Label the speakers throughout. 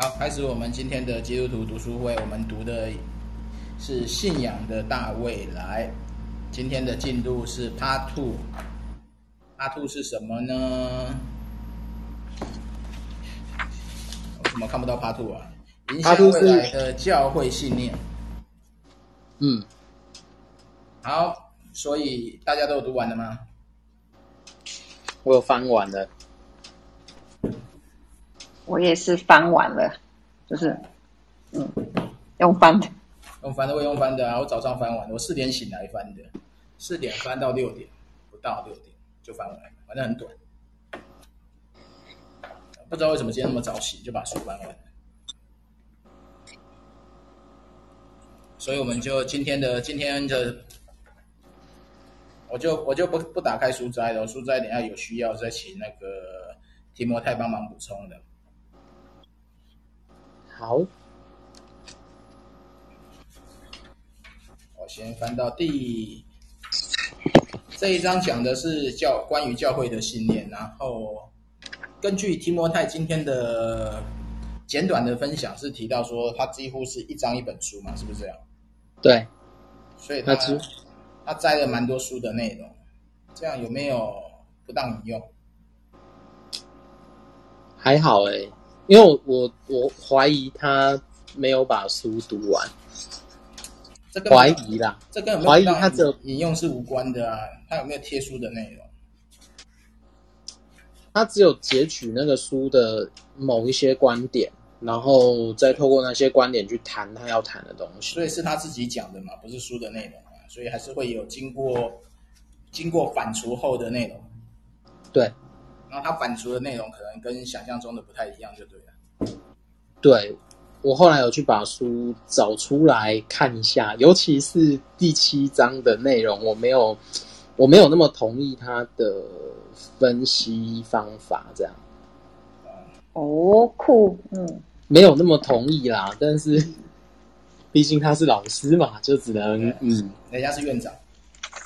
Speaker 1: 好，開始我們今天的基督徒讀書會。我們讀的是《信仰的大未來》，
Speaker 2: 今天的進度是 Part Two。Part Two 是什麼呢？我怎麼看不到 Part Two 啊？Part Two 迎向未來的教會信念。嗯。好，所以大家都有讀完了嗎？
Speaker 3: 我有翻完的。我也是翻完了，就是，嗯，用翻的，
Speaker 2: 用翻的，我用翻的啊！我早上翻完，我四點醒來翻的，四點翻到六點，不到六點就翻完了，反正很短。不知道為什麼今天那麼早起就把書翻完了，所以我們就今天的今天的，我就我就不不打開書齋了，書齋等下有需要再請那個提摩太幫，幫忙補充的。好，哦、好，我先翻到第這一章講的是教關於教會的信念。然後根據提摩太今天的簡短的分享，是提到說他幾乎是一章一本書嘛，是不是這樣？對，所以他他，吃他摘了蠻多書的內容，這樣有沒有不當引用？還好哎、欸。因為我我，我懷疑他沒有把書讀完，懷疑啦，這跟懷疑他的引用是無關的啊。他有沒有貼書的內容？他只有截取那個書的某一些觀點，然後再透過那些觀點去談他要談的東西。所以是他自己講的嘛，不是書的內容。所以還是會有經過經過反芻後的內容，對。然後他反芻的內容可能跟想象中的不太一樣，就對了。對，我後來有去把書找出來看一下，尤其是第七章的內容，我沒有，我沒有那麼同意他的分析方法，這樣。
Speaker 3: 嗯、哦，酷，嗯，
Speaker 2: 沒有那麼同意啦，但是，畢竟他是老師嘛，就只能，對嗯，人家是院長。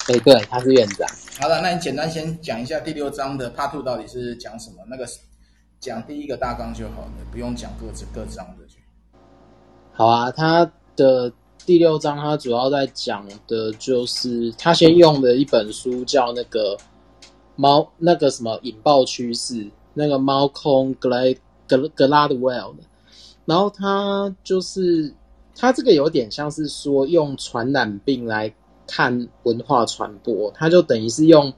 Speaker 2: 誒，對，他是院長。好了，那你簡單先講一下第六章的 Part Two 到底是講什麼？那個講第一個大綱就好了，不用講各自各章的。好啊，他的第六章他主要在講的就是，他先用的一本書叫那個貓，那個什麼引爆趨勢，那個貓空格雷格格拉德威爾的。然後他就是他這個有點像是說用傳染病來。看文化傳播，他就等於是用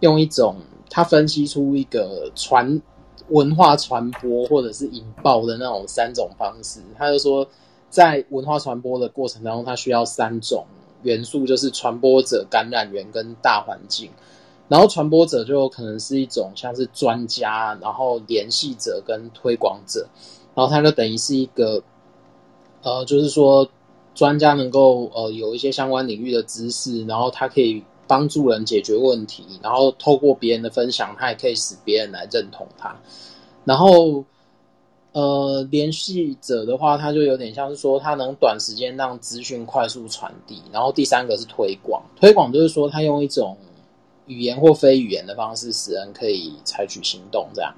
Speaker 2: 用一種他分析出一個傳文化傳播或者是引爆的那種三種方式。他就說，在文化傳播的過程當中，他需要三種元素，就是傳播者、感染源跟大環境。然後傳播者就可能是一種像是專家，然後聯繫者跟推廣者。然後他就等於是一個，呃，就是說。專家能夠呃有一些相關領域的知識，然後他可以幫助人解決問題，然後透過別人的分享，他也可以使別人來認同他。然後呃聯繫者的話，他就有點像是說他能短時間讓資訊快速傳遞。然後第三個是推廣，推廣就是說他用一種語言或非語言的方式，使人可以採取行動這樣。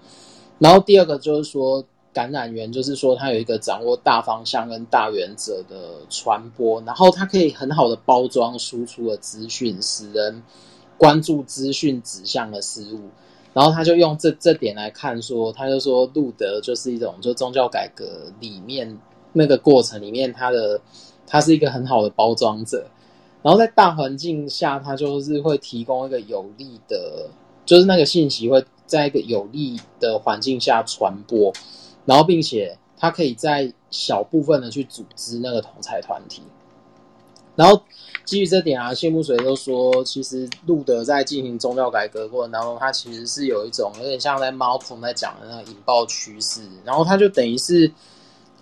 Speaker 2: 然後第二個就是說。感染源，就是說，他有一個掌握大方向跟大原則的傳播，然後他可以很好的包裝輸出的資訊，使人關注資訊指向的事物。然後他就用這這點來看說，說他就說路德就是一種，就宗教改革裡面那個過程裡面，他的他是一個很好的包裝者。然後在大環境下，他就是會提供一個有利的，就是那個信息會在一個有利的環境下傳播。然後，並且他可以在小部分的去組織那個同才團體。然後基於這點啊，謝木水都說，其實路德在進行宗教改革過程當中，然後他其實是有一種有點像在 Malcolm 在講的那個引爆趨勢。然後他就等於是，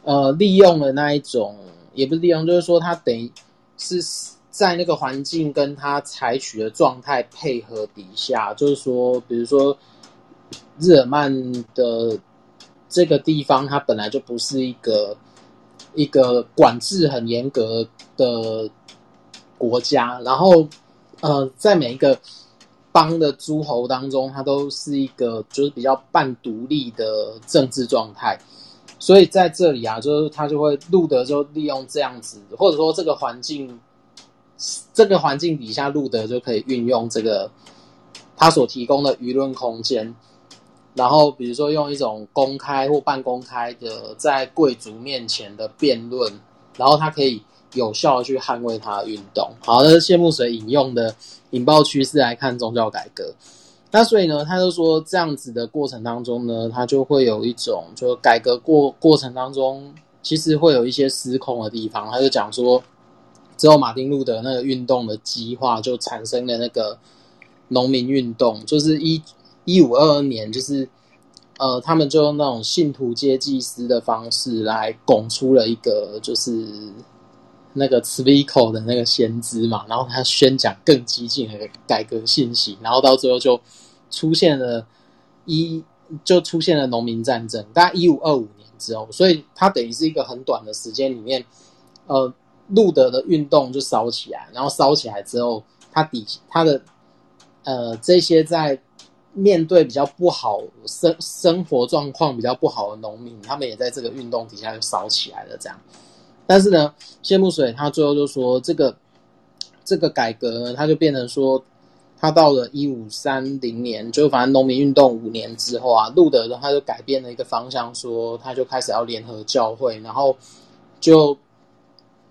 Speaker 2: 呃，利用了那一種，也不是利用，就是說他等於是在那個環境跟他採取的狀態配合底下，就是說，比如說日耳曼的。這個地方它，本來就不是一個一個管制很嚴格的國家，然後呃，在每一個邦的諸侯當中，它都是一個就是比較半獨立的政治狀態，所以在這裡啊，就是他就會，路德就利用這樣子，或者說這個環境，這個環境底下路德就可以運用這個他所提供的輿論空間。然後，比如說用一種公開或半公開的在貴族面前的辯論，然後他可以有效的去捍衛他的運動。好的，是謝木水引用的引爆趨勢來看宗教改革。那所以呢，他就說這樣子的過程當中呢，他就會有一種，就改革過過程當中，其實會有一些失控的地方。他就講說，之後馬丁路德那個運動的激化，就產生了那個農民運動，就是一。一五二二年，就是呃，他們就用那種信徒皆祭司的方式來拱出了一個，就是那個茨威考的那個先知嘛，然後他宣講更激進的改革信息，然後到最後就出現了一，一就出現了農民戰爭。但一五二五年之後，所以他等於是一個很短的時間裡面，呃，路德的運動就燒起來，然後燒起來之後，他底他的呃這些在。面對比較不好生生活狀況比較不好的農民，他們也在這個運動底下就燒起來了這樣。但是呢，謝木水他最後就說，這個這個改革呢，他就變成說，他到了一五三零年，就是反正農民運動五年之後啊，路德他就改變了一個方向說，說他就開始要聯合教會，然後就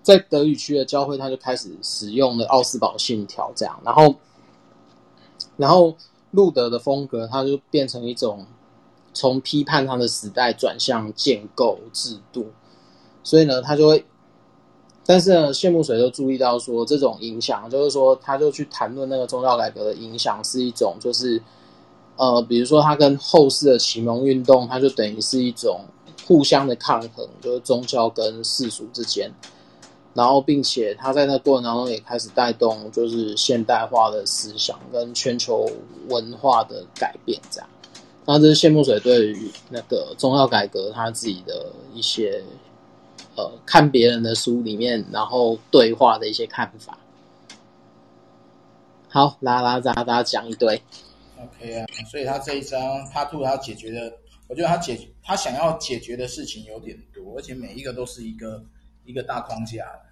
Speaker 2: 在德語區的教會，他就開始使用了奧斯堡信條，這樣，然後然後。路德的風格，他就變成一種從批判他的時代轉向建構制度，所以呢，他就會，但是呢，謝木水就注意到說，這種影響就是說，他就去談論那個宗教改革的影響是一種，就是呃，比如說他跟後世的啟蒙運動，他就等於是一種互相的抗衡，就是宗教跟世俗之間。然後，並且他在那過程當中也開始帶動，就是現代化的思想跟全球文化的改變這樣。那這是謝木水對於那個宗教改革他自己的一些，呃，看別人的書裡面然後對話的一些看法。好，拉拉雜雜講一堆。OK 啊，所以他這一章他突然解決的，我覺得他解他想要解決的事情有點多，而且每一個都是一個一個大框架的。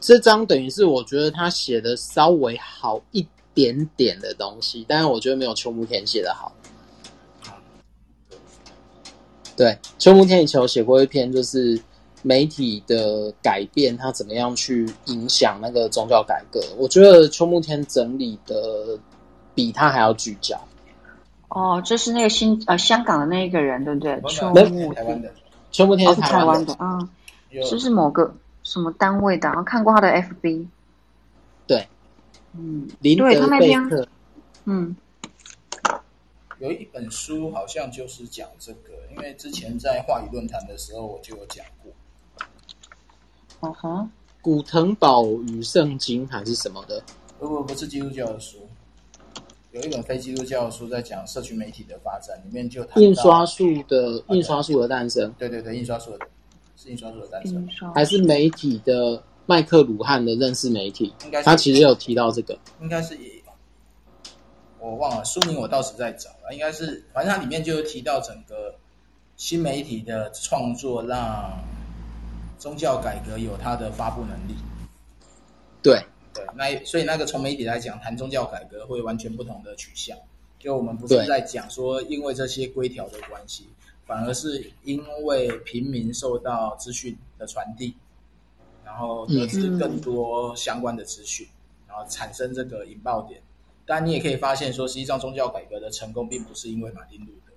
Speaker 2: 這章等於是我覺得他寫的稍微好一點點的東西，但是我覺得沒有邱慕天寫的好。對，邱慕天以前有寫過一篇，就是媒體的改變，他怎麼樣去影響那個宗教改革？我覺得邱慕天整理的比他還要聚焦。
Speaker 3: 哦，就是那個新呃香港的那一個人，對不對？邱慕天，
Speaker 2: 邱慕天是台灣的啊，不、嗯、是
Speaker 3: 某個。什麼單位的、啊？然後看過他的 FB，對，嗯，
Speaker 2: 林德貝克，
Speaker 3: 啊、嗯，
Speaker 2: 有一本書好像就是講這個，因為之前在話語論壇的時候我就有講過，哦吼、uh。Huh. 古騰堡與聖經還是什麼的？不不，不是基督教的書，有一本非基督教的書在講社群媒體的發展，裡面就談印刷術的 Okay. 印刷術的誕生，對對對，印刷術的誕生。是的還是媒體的麥克魯漢的認識媒體，應他其實有提到這個，應該是也，我忘了書名，我到時再找啊。應該是，反正它裡面就有提到整個新媒體的創作讓宗教改革有它的發佈能力。對對，那所以那個從媒體來講，談宗教改革會完全不同的取向，就我們不是在講說因為這些規條的關係。反而是因為平民受到資訊的傳遞，然後得知更多相關的資訊，嗯、然後產生這個引爆點。當然，你也可以發現說，實際上宗教改革的成功並不是因為馬丁路德，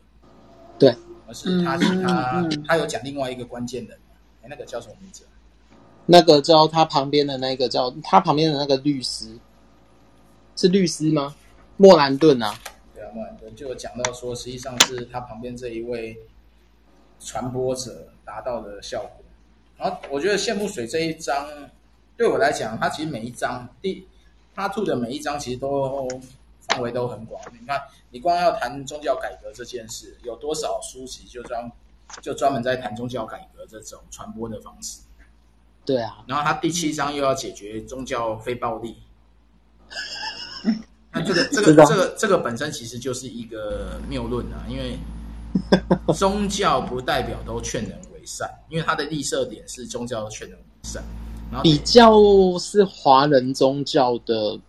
Speaker 2: 對，而是他是他、嗯、他、他有講另外一個關鍵的、嗯嗯、那個叫什麼名字？那個叫他旁邊的那個叫他旁邊的那個律師是律師嗎？莫蘭頓啊，對啊，莫蘭頓就有講到說，實際上是他旁邊這一位。傳播者達到的效果，然後我覺得謝木水這一章對我來講，它其實每一章第 part two 的每一章其實都範圍都很廣。你看，你光要談宗教改革這件事，有多少書籍就專就專門在談宗教改革這種傳播的方式？對啊，然後它第七章又要解決宗教非暴力， 那這個這個這個這個本身其實就是一個謬論啊，因為。 宗教不代表都勸人為善，因為它的立設點是宗教勸人為善。然後比較是華人宗教的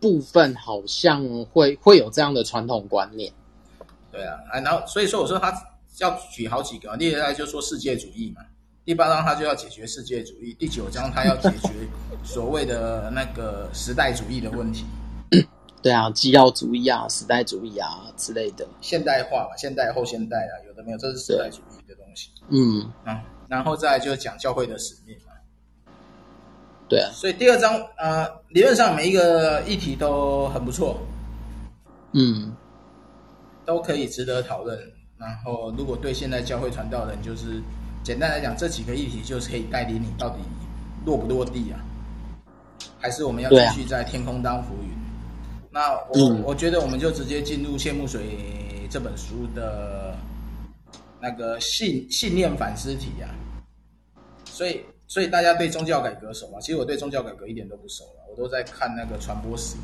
Speaker 2: 部分，好像會會有這樣的傳統觀念。對啊，然後所以說我說他要舉好幾個，第二章就說世界主義嘛，第八章他就要解決世界主義，第九章他要解決所謂的那個時代主義的問題。 對啊，基要主義啊，時代主義啊之類的，現代化吧，現代、後現代啊，有的沒有，這是時代主義的東西。嗯啊，然後再就是講教會的使命嘛。對啊，所以第二章，呃，理論上每一個議題都很不錯，嗯，都可以值得討論。然後，如果對現在教會傳道人，就是簡單來講，這幾個議題就是可以帶領你到底落不落地啊？還是我們要繼續在天空當浮雲？那我、嗯、我覺得我們就直接進入《謝木水》這本書的那個信信念反思題啊。所以，所以大家對宗教改革熟嗎？其實我對宗教改革一點都不熟了。我都在看那個傳播史，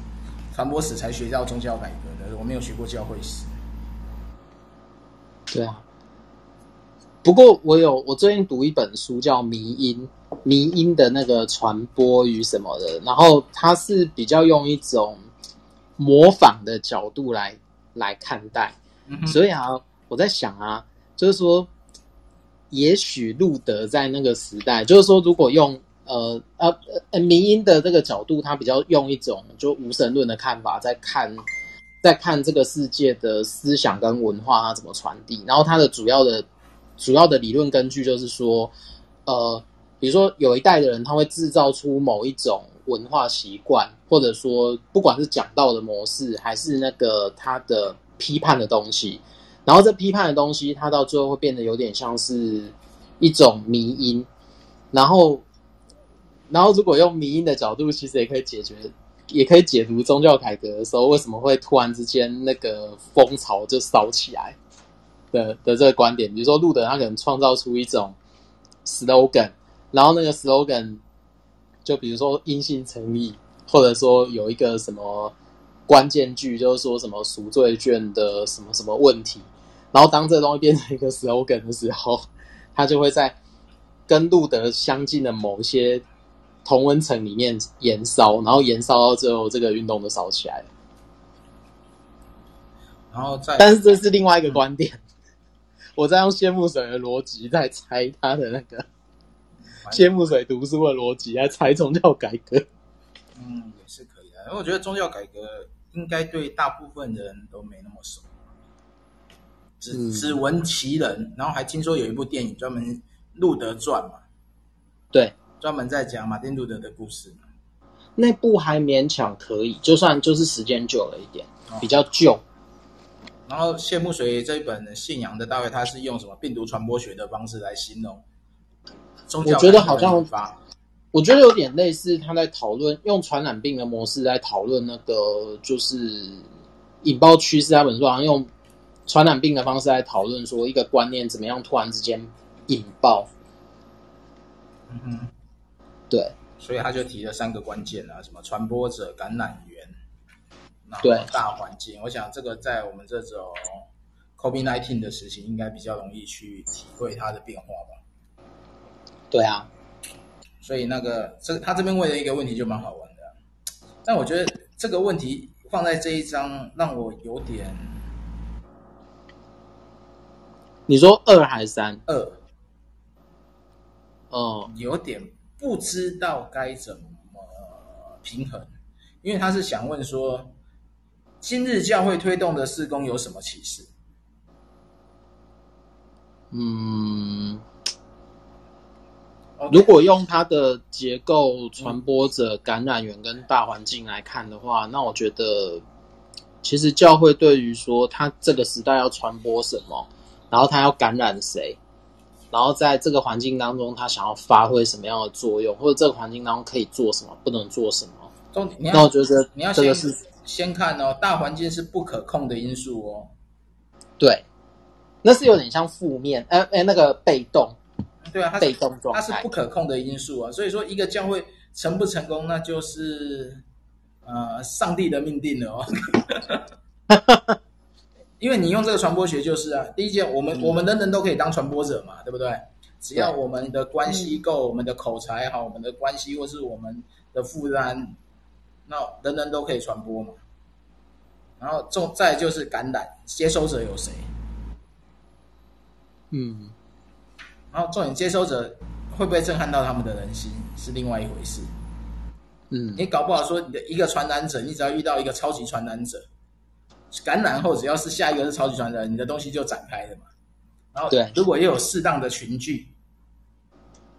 Speaker 2: 傳播史才學到宗教改革的。我沒有學過教會史。對啊。不過我有我最近讀一本書叫《迷音》，迷音的那個傳播與什麼的，然後它是比較用一種。模仿的角度來來看待，所以啊，我在想啊，就是說，也許路德在那個時代，就是說，如果用呃呃呃迷因的這個角度，他比較用一種就無神論的看法，在看在看這個世界的思想跟文化它、啊、怎麼傳遞，然後他的主要的主要的理論根據就是說，呃，比如說有一代的人他會製造出某一種文化習慣。或者說，不管是講道的模式，還是那個他的批判的東西，然後這批判的東西，它到最後會變得有點像是一種迷因。然後，然後如果用迷因的角度，其實也可以解決，也可以解讀宗教改革的時候為什麼會突然之間那個風潮就燒起來的的這個觀點。比如說，路德他可能創造出一種 slogan，然後那個 slogan 就比如說“因信稱義或者說有一個什麼關鍵句，就是說什麼贖罪券的什麼什麼問題，然後當這個東西變成一個 slogan 的時候，他就會在跟路德相近的某些同溫層裡面燃燒，然後燃燒到最後，這個運動都燒起來。然後再，但是這是另外一個觀點，嗯、我在用謝木水的邏輯在猜他的那個謝木水讀書的邏輯來猜宗教改革。嗯，也是可以的。因為我覺得宗教改革應該對大部分人都沒那麼熟，只只聞其人，嗯、然後還聽說有一部電影專門路德傳嘛，對，專門在講馬丁路德的故事嘛。那部還勉強可以，就算就是時間久了一點，哦、比較舊。然後謝木水這一本信仰的，大概他是用什麼病毒傳播學的方式來形容宗教改革？我覺得好像。我覺得有點類似，他在討論用傳染病的模式來討論那個，就是引爆趨勢啊。他本書好像用傳染病的方式來討論，說一個觀念怎麼樣突然之間引爆。嗯
Speaker 1: 哼，
Speaker 2: 對。所以他就提了三個關鍵啊，什麼傳播者、感染源，對，大環境。對我想這個在我們這種 COVID-19 的時期，應該比較容易去體會它的變化吧？
Speaker 1: 對啊。
Speaker 2: 所以那個，這他這邊問的一個問題就蠻好玩的啊，但我覺得這個問題放在這一章讓我有點，你說二還是三？二。哦，有點不知道該怎麼平衡，因為他是想問說，今日教會推動的事工有什麼啟示？嗯。Okay, 如果用它的結構、傳播者、感染源跟大環境來看的話，嗯、那我覺得，其實教會對於說他這個時代要傳播什麼，然後他要感染誰，然後在這個環境當中他想要發揮什麼樣的作用，或者這個環境當中可以做什麼、不能做什麼，重點，那我覺得這個是你要先，先看哦，大環境是不可控的因素哦。嗯、對，那是有點像負面，哎哎、嗯欸欸，那個被動。對啊，它是它是不可控的因素啊，所以說一個教會成不成功，那就是呃上帝的命定了哦。 因為你用這個傳播學就是啊，第一件我們、嗯、我們人人都可以當傳播者嘛，對不對？只要我們的關係夠，對我們的口才好，我們的關係、嗯、或是我們的負擔，那人人都可以傳播嘛。然後再來就是感染接收者有誰？嗯。然後重點接收者，會不會震撼到他們的人心是另外一回事。嗯，你搞不好說你的一個傳染者，你只要遇到一個超級傳染者，感染後只要是下一個是超級傳染，你的東西就展開了嘛。然後如果也有適當的群聚，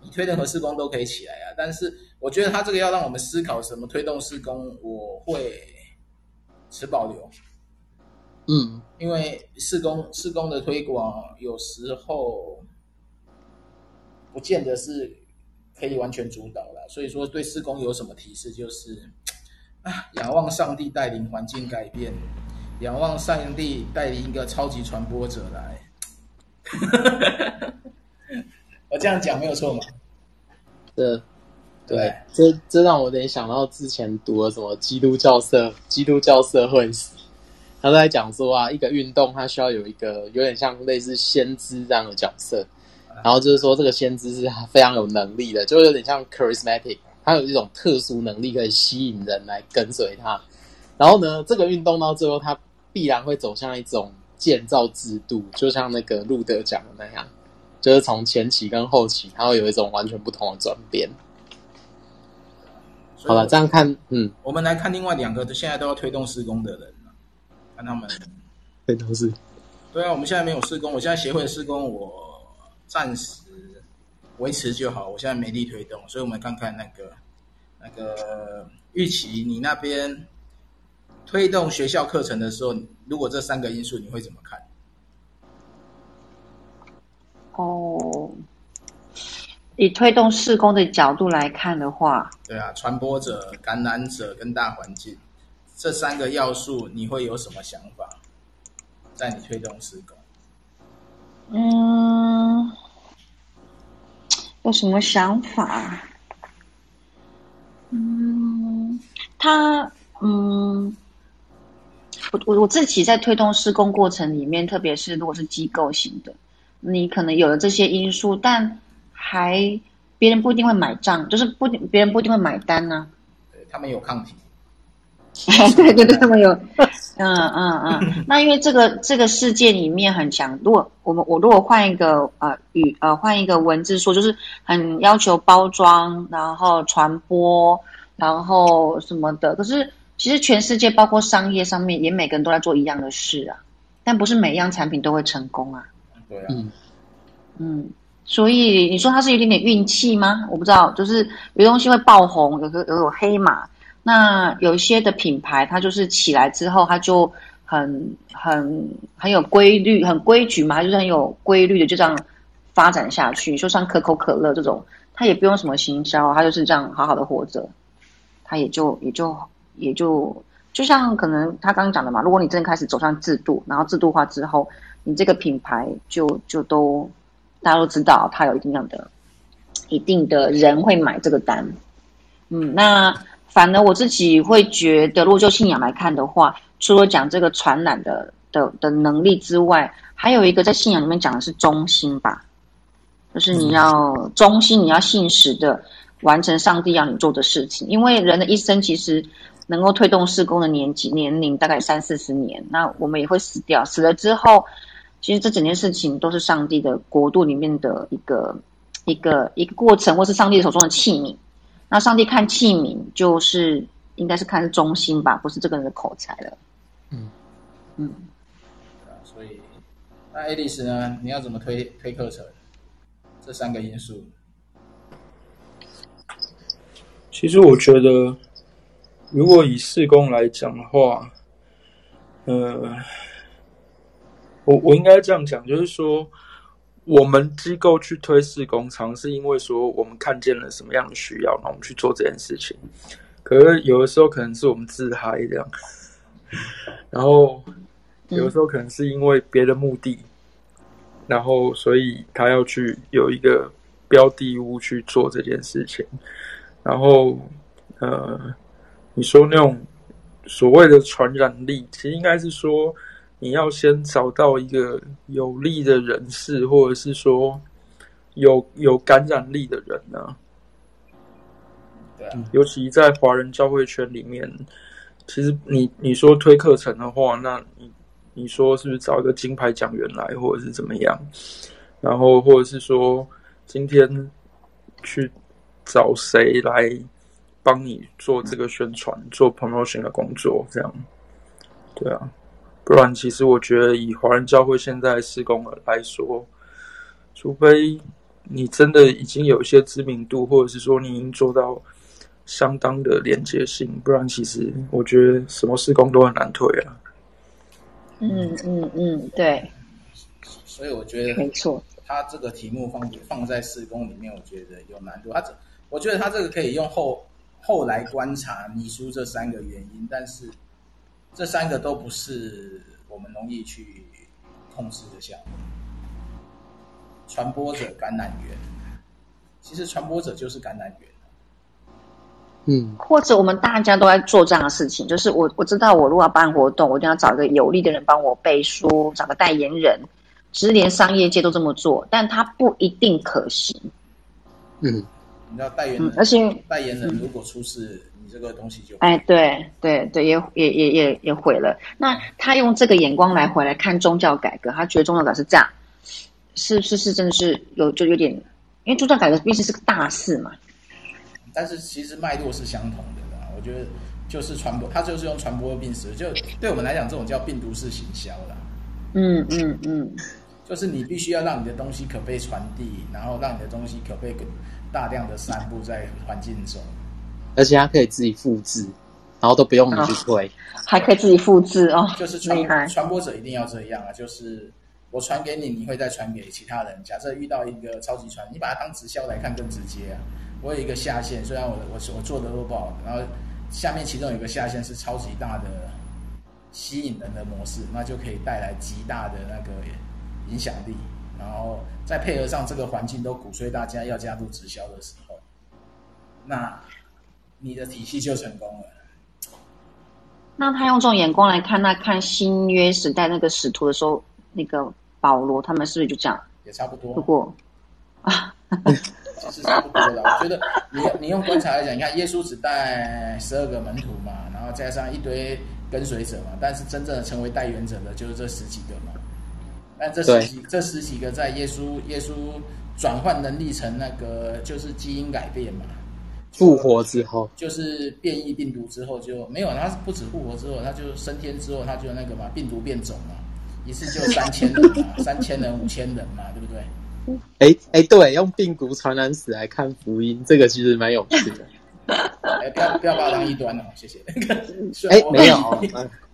Speaker 2: 你推任何事工都可以起來啊。但是我覺得他這個要讓我們思考什麼推動事工，我會持保留。嗯，因為事工事工的推廣有時候。不見得是可以完全主導了，所以說對事工有什麼提示？就是啊，仰望上帝帶領環境改變，仰望上帝帶領一個超級傳播者來。 我這樣講沒有錯嗎、嗯對？這，對，這這讓我聯想到之前讀了什麼基督教社、基督教社會史。他在講說啊，一個運動它需要有一個有點像類似先知這樣的角色。然後就是說，這個先知是非常有能力的，就有點像 charismatic，他有一種特殊能力可以吸引人來跟隨他。然後呢，這個運動到最後，它必然會走向一種建造制度，就像那個路德講的那樣，就是從前期跟後期，它會有一種完全不同的轉變。所以 好了，這樣看，嗯，我們來看另外兩個，現在都要推動事工的人，看他們，對，都是，對啊，我們現在沒有事工，我現在協會事工我暫時維持就好，我現在沒力推動，所以我們看看那個那個玉琪。你那邊推動學校課程的時候，如果這三個因素，你會怎麼看？
Speaker 3: 哦，以推動事工的角度來看的話，
Speaker 2: 對啊，傳播者、感染者跟大環境這三個要素，你會有什麼想法？在你推動事工？
Speaker 3: 嗯，有什麼想法？嗯，他嗯，我我我自己在推動施工過程裡面，特別是如果是機構型的，你可能有了這些因素，但還別人不一定會買賬，就是不別人不一定會買單呢、啊。
Speaker 2: 對他們有抗體。
Speaker 3: 對對對，沒有，嗯嗯嗯。嗯 那因為這個這個世界裡面很強，如果我們我如果換一個啊、呃、語呃換一個文字說，就是很要求包裝，然後傳播，然後什麼的。可是其實全世界包括商業上面，也每個人都在做一樣的事啊。但不是每樣產品都會成功啊。對啊。嗯。所以你說它是有點點運氣嗎？我不知道，就是有東西會爆紅，有個有黑馬。那有一些的品牌，它就是起來之後，它就很很很有規律，很規矩嘛，它就是很有規律的，就這樣發展下去。就像可口可樂這種，它也不用什麼行銷，它就是這樣好好的活着，它也就也就也就就像可能他剛剛講的嘛，如果你真的開始走上制度，然後制度化之後，你這個品牌就就都大家都知道，它有一定量的一定的人會買這個單，嗯，那。反而我自己會覺得，如果就信仰來看的話，除了講這個傳染的的的能力之外，還有一個在信仰裡面講的是忠心吧，就是你要忠心，你要信實的完成上帝要你做的事情。因為人的一生其實能夠推動事工的年紀年齡大概三四十年，那我們也會死掉，死了之後，其實這整件事情都是上帝的國度裡面的一個一個一個過程，或是上帝手中的器皿。那上帝看器皿，就是應該是看是中心吧，不是這個人的口才
Speaker 1: 了。
Speaker 2: 嗯嗯、啊，所以那 a 麗絲呢，你要怎麼推推課程？這三個因素，
Speaker 1: 其實我覺得，如果以四宮來講的話，呃，我我應該這樣講，就是說。我們機構去推試工廠，是因為說我們看見了什麼樣的需要，那我們去做這件事情。可是有的時候可能是我們自嗨這樣，然後有的時候可能是因為別的目的，嗯、然後所以他要去有一個標的物去做這件事情。然後呃，你說那種所謂的傳染力，其實應該是說。你要先找到一個有利的人士，或者是說有有感染力的人呢、啊？對、嗯，尤其在華人教會圈裡面，其實你你說推課程的話，那你你說是不是找一個金牌講員來，或者是怎麼樣？然後或者是說今天去找誰來幫你做這個宣傳、嗯、做 promotion 的工作？這樣，對啊。不然，其實我覺得以華人教會現在事工而來說，除非你真的已經有一些知名度，或者是說你已經做到相當的連接性，不然其實我覺得什麼事工都很難推啊。嗯嗯嗯，
Speaker 3: 對。
Speaker 2: 所以我覺得沒錯，他這個題目放放在事工裡面，我覺得有難度。他這，我覺得他這個可以用後後來觀察你輸這三個原因，但是。這三個都不是我們容易去控制的項目。
Speaker 3: 傳播者、感染源，其實傳播者就是感染源。嗯，或者我們大家都在做這樣的事情，就是我我知道，我如果辦活動，我一定要找一個有力的人幫我背書，找個代言人。其實連商業界都這麼做，但它不一定可行。嗯。
Speaker 2: 你知道代言人，嗯、而且代言人如果出事，嗯、你這個東西就毀了，哎，對
Speaker 3: 對對，也也也也也毀了。那他用這個眼光來回來看宗教改革，他覺得宗教改革是這樣，是是是，是真的是有就有點，因為宗教改革畢竟是個大事嘛。
Speaker 2: 但是其實脈絡是相同的啦，我覺得就是傳播，他就是用傳播病史，就對我們來講，這種叫病毒式行銷啦、嗯。嗯嗯嗯，就是你必須要讓你的東西可被傳遞，然後讓你的東西可被。大量的散佈在環境中，而且它可以自己複製，然後都不用你去推。哦，還可以
Speaker 3: 自己複製哦，
Speaker 2: 就是傳，厲害。傳播者一定要這樣啊，就是我傳給你，你會再傳給其他人。假設遇到一個超級傳，你把它當直銷來看更直接啊。我有一個下線，雖然我我我做的都不好，然後下面其中有一個下線是超級大的，吸引人的模式，那就可以帶來極大的那個影響力。然後再配合上這個環境，都鼓吹大家要加入直銷的時候，那你的體系就成功
Speaker 3: 了。那他用這種眼光來看，那看新約時代那個使徒的時候，那個保羅他們是不是就這樣？
Speaker 2: 也差不多。不過啊，其實差不多了。我覺得你你用觀察來講，你看耶穌只帶十二個門徒嘛，然後加上一堆跟隨者嘛，但是真正的成為代言者的就是這十幾個嘛。但這十幾對這十幾個在耶穌耶穌轉換能力成那個就是基因改變嘛，復活之後就，就是變異病毒之後就沒有，他不止復活之後，他就升天之後他就那個嘛，病毒變種嘛，一次就三千人嘛， 三千人五千人嘛， 對不對？哎哎，欸欸，對，用病毒傳染史來看福音，這個其實蠻有趣的。哎、 欸，不要不要把我當
Speaker 3: 異端哦，謝
Speaker 2: 謝。
Speaker 3: 哎 我、欸，沒有。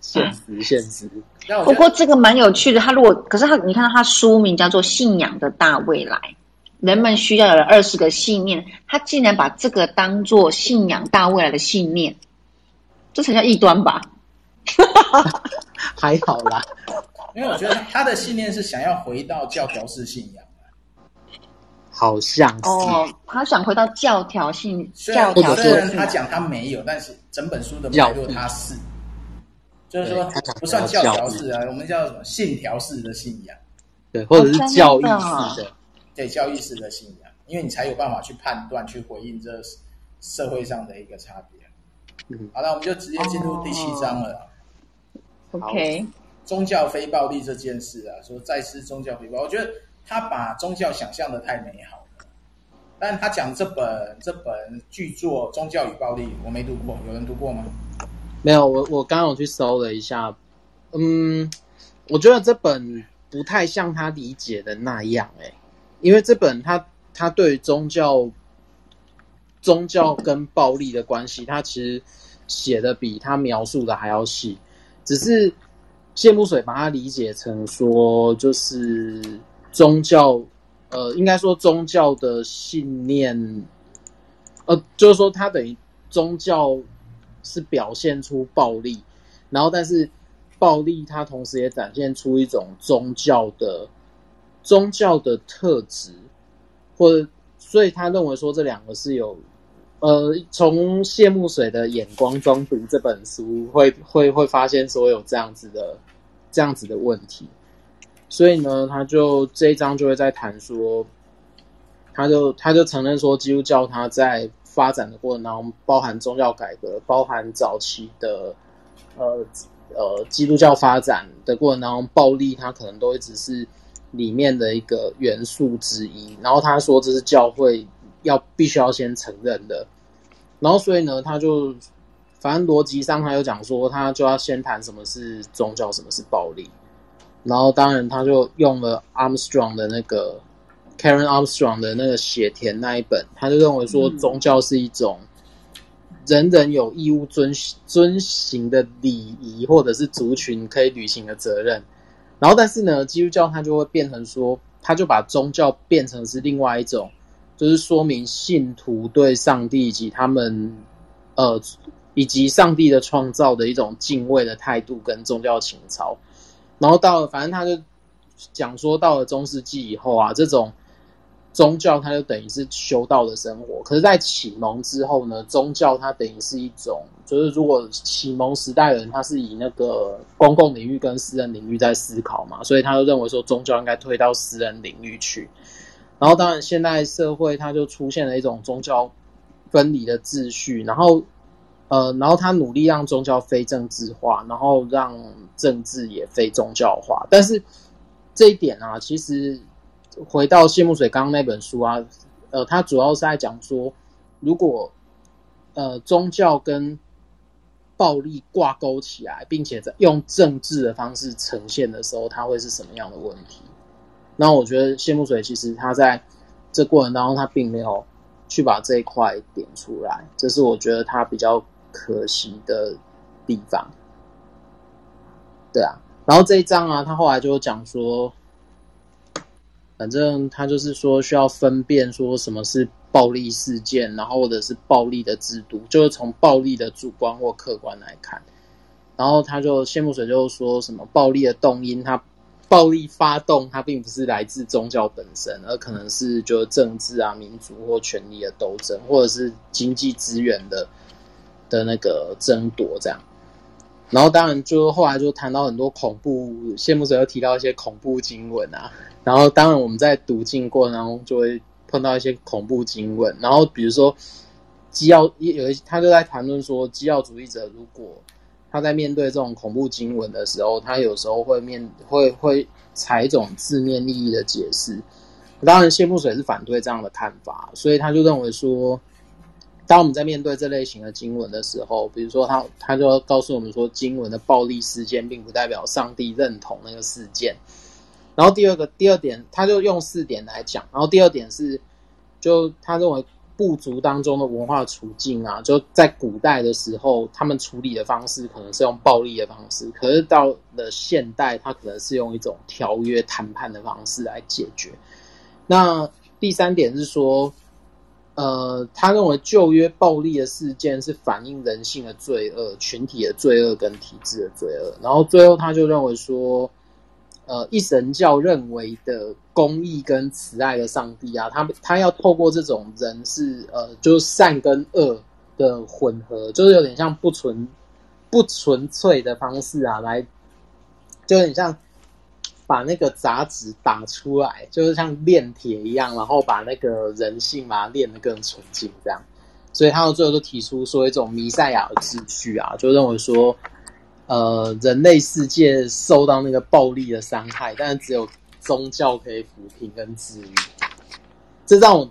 Speaker 2: 現實，現
Speaker 3: 實。不過、啊、這個蠻有趣的，他如果可是他，你看到他書名叫做《信仰的大未來》，人們需要有二十個信念，他竟然把這個當做信仰大未來的信念，這才叫異端吧？
Speaker 2: 還好啦， 因為我覺得他的信念是想要回到教條式信仰，好
Speaker 3: 像是哦，他想回到教條性教條式信仰。雖然他
Speaker 2: 講他沒有，但是整本書的角度他是。就是說，不算教條式啊，對我們叫什麼信條式的信仰，對，或者是教義式的，的啊、對，教義式的信仰，因為你才有辦法去判斷、去回應這社會上的一個差別。嗯、好了，那我們就直接進入第七章了。嗯、好 OK，宗教非暴力這件事啊，說再次宗教非暴力，我覺得他把宗教想象的太美好了。但他講這本這本巨作《宗教與暴力》，我沒讀過，有人讀過嗎？沒有，我，我剛剛有去搜了一下，嗯，我覺得這本不太像他理解的那樣，欸，哎，因為這本他他對宗教、宗教跟暴力的關係，他其實寫的比他描述的還要細，只是謝木水把它理解成說，就是宗教，呃，應該說宗教的信念，呃，就是說他等於宗教。是表現出暴力，然後但是暴力它同時也展現出一種宗教的宗教的特質，或所以他認為說這兩個是有，呃，從謝木水的眼光中讀這本書，會會會發現所有這樣子的這樣子的問題，所以呢，他就這一章就會在談說，他就他就承認說，基督教他在。發展的過程當中，包含宗教改革，包含早期的呃呃基督教發展的過程當中，暴力它可能都一直是裡面的一個元素之一。然後他說，這是教會要必須要先承認的。然後所以呢，他就反正邏輯上，他就講說，他就要先談什麼是宗教，什麼是暴力。然後當然，他就用了 Armstrong 的那個。Karen Armstrong 的那個寫田那一本，他就認為說，宗教是一種人人有義務遵遵行的禮儀，或者是族群可以履行的責任。然後，但是呢，基督教它就會變成說，他就把宗教變成是另外一種，就是說明信徒對上帝以及他們呃以及上帝的創造的一種敬畏的態度跟宗教情操。然後到了，反正他就講說，到了中世紀以後啊，這種。宗教它就等於是修道的生活，可是，在啟蒙之後呢，宗教它等於是一種，就是如果啟蒙時代的人，他是以那個公共領域跟私人領域在思考嘛，所以他就認為說，宗教應該推到私人領域去。然後，當然，現代社會它就出現了一種宗教分離的秩序，然後，呃，然後他努力讓宗教非政治化，然後讓政治也非宗教化。但是，這一點啊，其實。回到謝木水剛剛那本書啊，呃，他主要是在講說，如果呃宗教跟暴力掛鈎起來，並且在用政治的方式呈現的時候，它會是什麼樣的問題？那我覺得謝木水其實他在這過程當中，他並沒有去把這一塊點出來，這是我覺得他比較可惜的地方。對啊，然後這一章啊，他後來就講說。反正他就是說，需要分辨說什麼是暴力事件，然後或者是暴力的制度，就是從暴力的主觀或客觀來看。然後他就謝木水就說什麼暴力的動因，他暴力發動，他並不是來自宗教本身，而可能是就是政治啊、民族或權力的鬥爭，或者是經濟資源的的那個爭奪這樣。然後當然就後來就談到很多恐怖，謝木水又提到一些恐怖經文啊。然後，當然我們在讀經過程當中就會碰到一些恐怖經文。然後，比如說，基要有一他就在談論說，基要主義者如果他在面對這種恐怖經文的時候，他有時候會面會會採一種字面意義的解釋。當然，謝木水是反對這樣的看法，所以他就認為說，當我們在面對這類型的經文的時候，比如說他他就要告訴我們說，經文的暴力事件並不代表上帝認同那個事件。然後第二個，第二點，他就用四點來講。然後第二點是，就他認為部族當中的文化的處境啊，就在古代的時候，他們處理的方式可能是用暴力的方式，可是到了現代，他可能是用一種條約談判的方式來解決。那第三點是說，呃，他認為舊約暴力的事件是反映人性的罪惡、群體的罪惡跟體制的罪惡。然後最後他就認為說，呃，一神教認為的公義跟慈愛的上帝啊，他他要透過這種人是呃，就是善跟惡的混合，就是有點像不純不純粹的方式啊，來，就有點像把那個雜質打出來，就是像煉鐵一樣，然後把那個人性嘛煉得更純淨這樣。所以他到最後就提出說一種彌賽亞的秩序啊，就認為說。呃，人類世界受到那個暴力的傷害，但是只有宗教可以撫平跟治癒。這，這種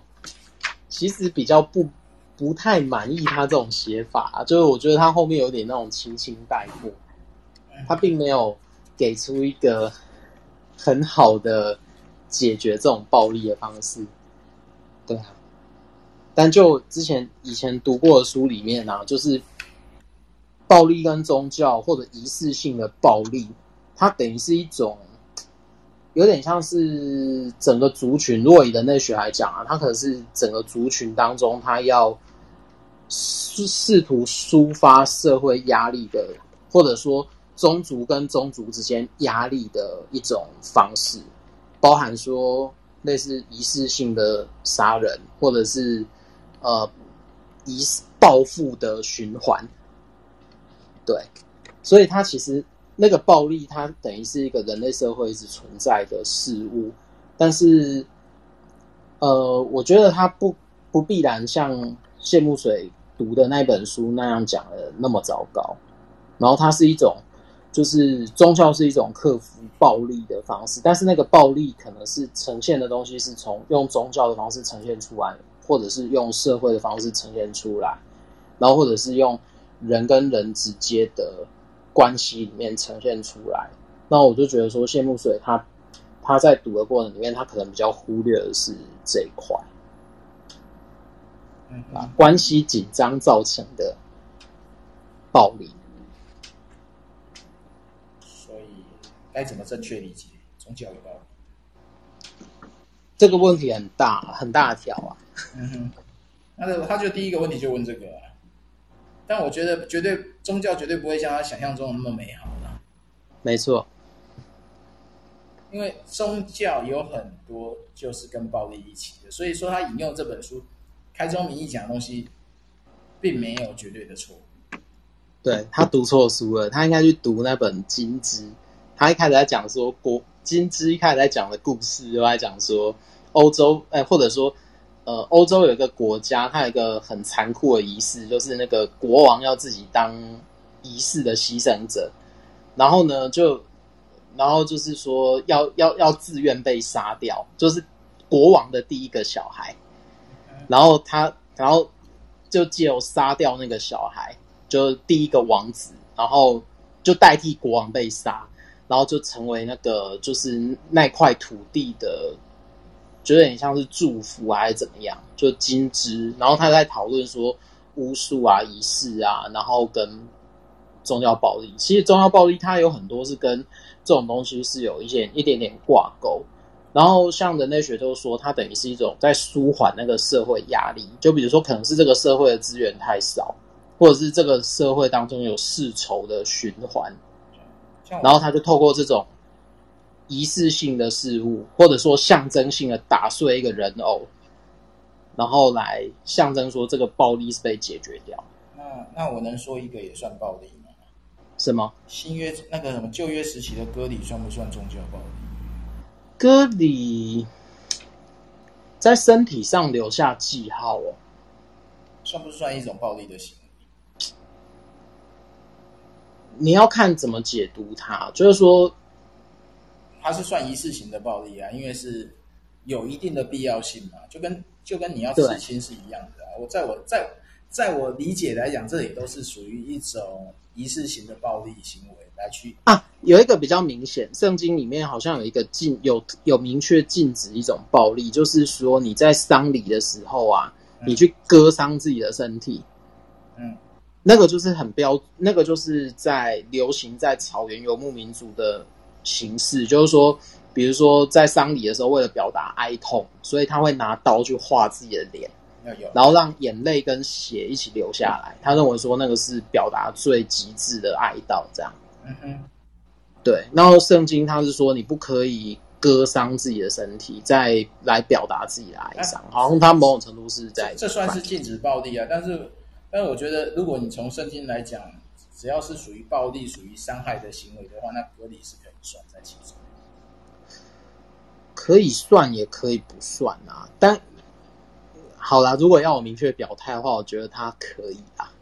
Speaker 2: 其實比較不不太滿意他這種寫法啊，就是我覺得他後面有點那種輕輕帶過，他並沒有給出一個很好的解決這種暴力的方式。對啊，但就之前以前讀過的書裡面呢，啊，就是。暴力跟宗教或者儀式性的暴力，它等於是一種有點像是整個族群，如果以人類學來講啊，它可能是整個族群當中，它要試試圖抒發社會壓力的，或者說宗族跟宗族之間壓力的一種方式，包含說類似儀式性的殺人，或者是呃以報復的循環。對，所以他其實那個暴力，它等於是一個人類社會一直存在的事物。但是，呃，我覺得他不不必然像謝木水讀的那本書那樣講的那麼糟糕。然後，他是一種，就是宗教是一種克服暴力的方式。但是，那個暴力可能是呈現的東西是從用宗教的方式呈現出來，或者是用社會的方式呈現出來，然後或者是用。人跟人直接的關係裡面呈現出來，那我就覺得說謝木水他他在讀的過程裡面，他可能比較忽略的是這一塊，
Speaker 1: 啊，
Speaker 2: 關係緊張造成的暴力，嗯嗯、所以該怎麼正確理解？從教育角度，這個問題很大，很大的條啊，嗯、他就第一個問題就問這個、啊。但我覺得，絕對宗教絕對不會像他想象中的那麼美好了、啊。沒錯，因為宗教有很多就是跟暴力一起的，所以說他引用這本書開宗明義講的東西，並沒有絕對的錯。對，他讀錯書了，他應該去讀那本《金枝》。他一開始在講說國《金枝》，一開始在講的故事，又在講說歐洲，哎、呃，或者說。呃，歐洲有一個國家，它有一個很殘酷的儀式，就是那個國王要自己當儀式的犧牲者，然後呢，就然後就是說要要要自願被殺掉，就是國王的第一個小孩，然後他然後就借由殺掉那個小孩，就第一個王子，然後就代替國王被殺，然後就成為那個就是那塊土地的。覺得有點像是祝福、啊、還是怎麼樣，就金枝。然後他在討論說巫術啊、儀式啊，然後跟宗教暴力。其實宗教暴力它有很多是跟這種東西是有一些一點點掛鈎。然後像人類學就是說，它等於是一種在舒緩那個社會壓力。就比如說，可能是這個社會的資源太少，或者是這個社會當中有世仇的循環。然後他就透過這種。儀式性的事物，或者說象徵性的打碎一個人偶，然後來象徵說這個暴力是被解決掉。那那我能說一個也算暴力嗎？什麼？新約，那個什麼舊約時期的割禮算不算宗教暴力？割禮在身體上留下記號哦，算不算一種暴力的行為？你要看怎麼解讀它，就是說。它是算儀式型的暴力啊，因為是有一定的必要性嘛，就跟就跟你要刺青是一樣的啊。對我在我在在我理解來講，這也都是屬於一種儀式型的暴力行為來去啊。有一個比較明顯，聖經裡面好像有一個禁有有明確禁止一種暴力，就是說你在喪禮的時候啊，你去割傷自己的身體，嗯，那個就是很標，那個就是在流行在草原游牧民族的。形式就是說，比如說在喪禮的時候，為了表達哀痛，所以他會拿刀去劃自己的臉，然後讓眼淚跟血一起流下來。他認為說那個是表達最極致的哀悼，這樣。嗯哼。對，然後聖經他是說你不可以割傷自己的身體，再來表達自己的哀傷。啊、好像他某種程度是在這，這算是禁止暴力啊，但是，但是我覺得如果你從聖經來講。只要是屬於暴力、屬於傷害的行為的話，那割禮是可以算在其中。可以算，也可以不算啊。但好啦，如果要我明確表態的話，我覺得它可以啦，啊、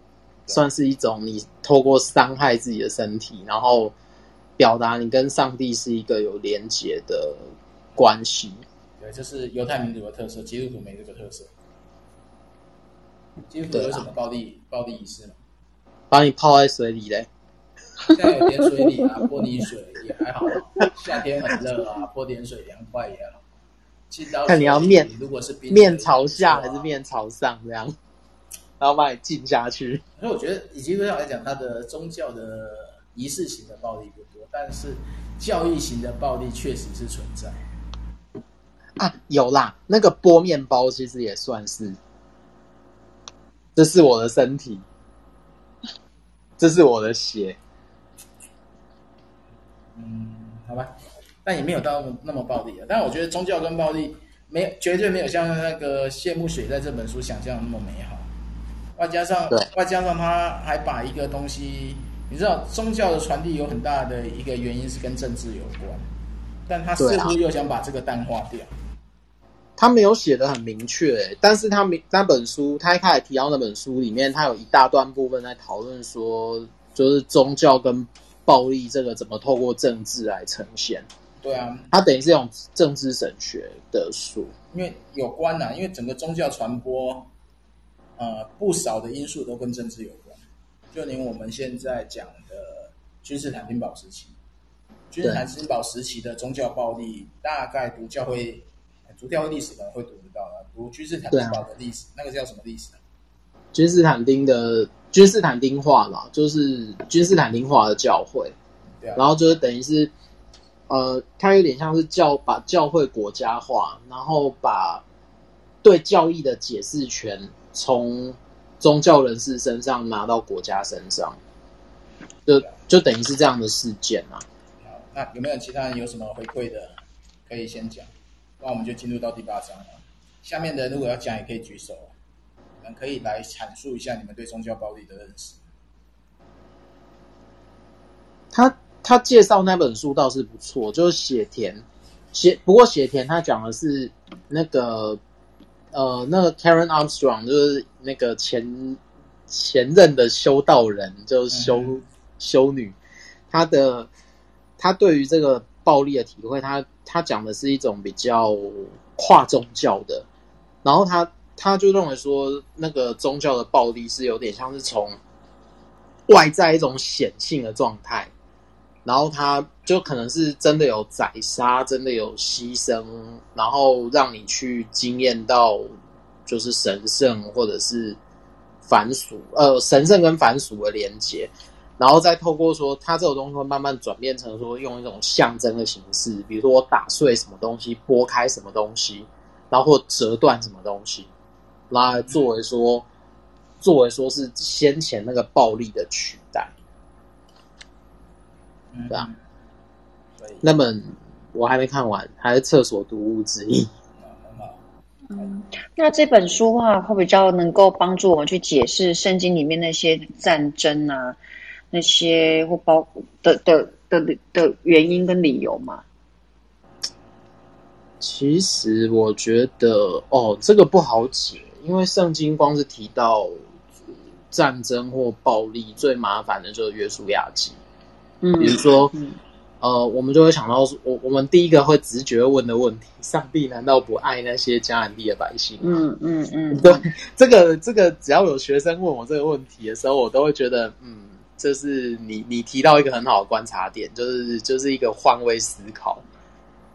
Speaker 2: 算是一種你透過傷害自己的身體，然後表達你跟上帝是一個有連結的關係。對，就是猶太民族的特色，基督徒沒這個特色。基督徒有什麼暴力、啊、暴力儀式嗎？把你泡在水裡嘞，現在有點水裡啊，潑你水也還好。夏天很熱啊，潑點水涼快也好。看你要面，如果是面朝下還是面朝上這樣，是嗎？然後把你浸下去。所以我覺得，以基督教來講，它的宗教的儀式型的暴力不多，但是教育型的暴力確實是存在啊，有啦，那個剝面包其實也算是。這是我的身體。這是我的血，嗯，好吧，但也沒有到那麼，那麼暴力了。但我覺得宗教跟暴力沒絕對沒有像那個謝木水在這本書想象的那麼美好。外加上，對外加上他還把一個東西，你知道，宗教的傳遞有很大的一個原因是跟政治有關，但他似乎又想把這個淡化掉。他沒有寫得很明確、欸，但是他沒那本書，他一開始提到那本書裡面，他有一大段部分在討論說，就是宗教跟暴力這個怎麼透過政治來呈現。對啊，他等於是一種政治神學的書，因為有關吶、啊，因為整個宗教傳播，呃，不少的因素都跟政治有關。就連我們現在講的君士坦丁堡時期，君士坦丁堡時期的宗教暴力，大概不教會，讀掉歷史的會讀得到的，讀君士坦丁堡的歷史，啊、那個是叫什麼歷史啊？君士坦丁的君士坦丁化嘛，就是君士坦丁化的教會，啊、然後就是等於是，呃，它，有點像是教把教會國家化，然後把對教義的解釋權，從宗教人士身上拿到國家身上，就、啊、就等於是這樣的事件嘛、啊。好，那有沒有其他人有什麼回饋的，可以先講。那我們就進入到第八章了。下面的如果要講，也可以舉手，嗯，可以來闡述一下你們對宗教暴力的認識。他他介紹那本書倒是不錯，就是寫田寫不過寫田他講的是那個呃，那個 Karen Armstrong 就是那個前前任的修道人，就是修，嗯、哼修女，她的她對於這個暴力的體會，她。他講的是一種比較跨宗教的，然後他他就認為說，那個宗教的暴力是有點像是從外在一種顯性的狀態，然後他就可能是真的有宰殺，真的有犧牲，然後讓你去經驗到，就是神聖或者是凡俗，呃，神聖跟凡俗的連接。然後再透過說，他這種東西會慢慢轉變成說，用一種象徵的形式，比如說我打碎什麼東西，剝開什麼東西，然後折斷什麼東西，來作為說，嗯、作為說是先前那個暴力的取代，對、嗯、吧？以那本我還沒看完，還是廁所讀物之一、嗯。
Speaker 3: 那這本書話會比較能夠幫助我們去解釋聖經裡面那些戰爭啊。那些或包括的，的的的的原因跟理由嘛。
Speaker 2: 其實我覺得哦，這個不好解，因為聖經光是提到、呃、戰爭或暴力最麻煩的就是約書亞記。嗯，
Speaker 1: 比如說，嗯
Speaker 2: 嗯、呃，我們就會想到，我我們第一個會直覺問的問題：上帝難道不愛那些迦南地的百姓嗎？
Speaker 1: 嗯嗯嗯，嗯嗯
Speaker 2: 對，這個這個，只要有學生問我這個問題的時候，我都會覺得嗯。這是你你提到一個很好的觀察點，就是就是一個換位思考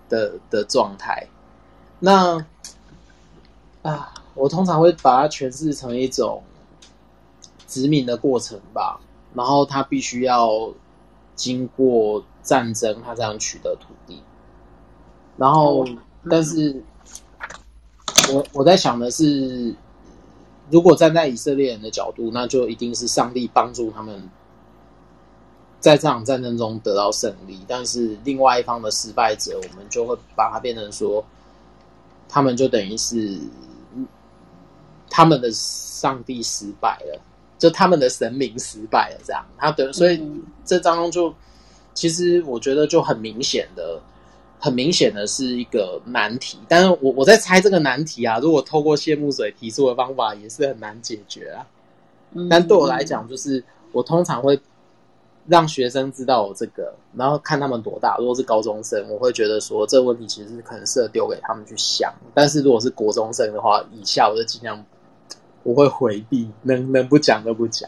Speaker 2: 的的狀態。那啊，我通常會把它詮釋成一種殖民的過程吧。然後他必須要經過戰爭，他才能取得土地。然後，但是我我在想的是，如果站在以色列人的角度，那就一定是上帝幫助他們。在這場戰爭中得到勝利，但是另外一方的失敗者，我們就會把它變成說，他們就等於是他們的上帝失敗了，就他們的神明失敗了，這樣。他等，所以這張中就其實我覺得就很明顯的，很明顯的是一個難題。但是我我在猜這個難題啊，如果透過謝木水提出的方法也是很難解決啊。但對我來講，就是我通常會。讓學生知道我這個，然後看他們多大。如果是高中生，我會覺得說這個問題其實是可能適合丟給他們去想。但是如果是國中生的話，以下我就儘量我會回避，能能不講就不講。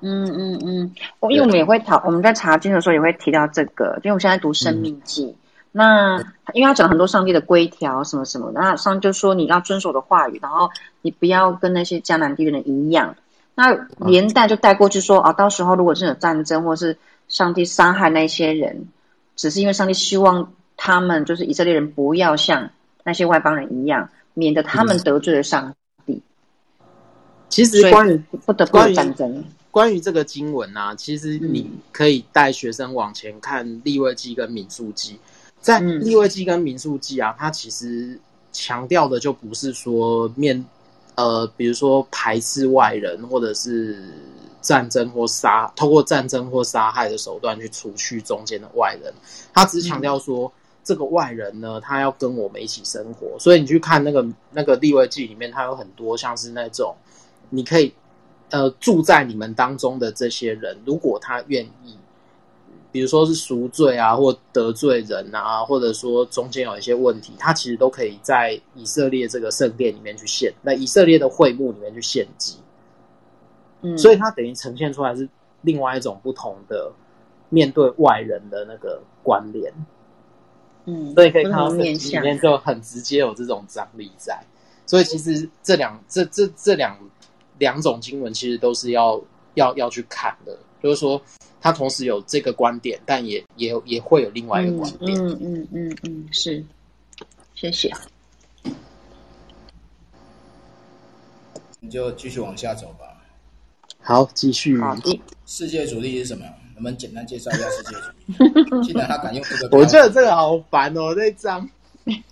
Speaker 2: 嗯嗯
Speaker 3: 嗯，我、嗯嗯、對因為我們也會討，我們在查經的時候也會提到這個，因為我現在讀《生命記》嗯，那因為他講了很多上帝的規條什麼什麼，那上帝就說你要遵守的話語，然後你不要跟那些迦南地人的人一樣。那年代就帶過去說啊，到時候如果真有戰爭，或是上帝傷害那些人，只是因為上帝希望他們就是以色列人不要像那些外邦人一樣，免得他們得罪了上帝。嗯。其實關於不得
Speaker 2: 不有戰爭，關於這個經文啊，其實你可以帶學生往前看利未記跟民數記，在利未記跟民數記啊，它其實強調的就不是說面。呃，比如說排斥外人，或者是戰爭或殺，通過戰爭或殺害的手段去除去中間的外人。他只強調說，嗯、這個外人呢，他要跟我們一起生活。所以你去看那個那個利未記裡面，他有很多像是那種，你可以，呃，住在你們當中的這些人，如果他願意。比如說是贖罪啊，或得罪人啊，或者說中間有一些問題，他其實都可以在以色列這個聖殿裡面去獻，那以色列的會幕裡面去獻祭。
Speaker 1: 嗯，
Speaker 2: 所以它等於呈現出來是另外一種不同的面對外人的那個關聯。
Speaker 1: 嗯，所以可以看到前裡面
Speaker 2: 就很直接有這種張力在。嗯、所以其實這兩、嗯、這這這兩兩種經文其實都是要要要去看的，就是說。他同時有這個觀點，但也也也會有另外一個觀點。嗯嗯嗯
Speaker 3: 嗯，是，謝謝。
Speaker 2: 你就繼續往下走吧。好，繼續、嗯。世界主義是什麼？我們簡單介紹
Speaker 1: 一下世界主義。
Speaker 2: 竟然他敢用這個？我覺得這個好煩哦，這一張。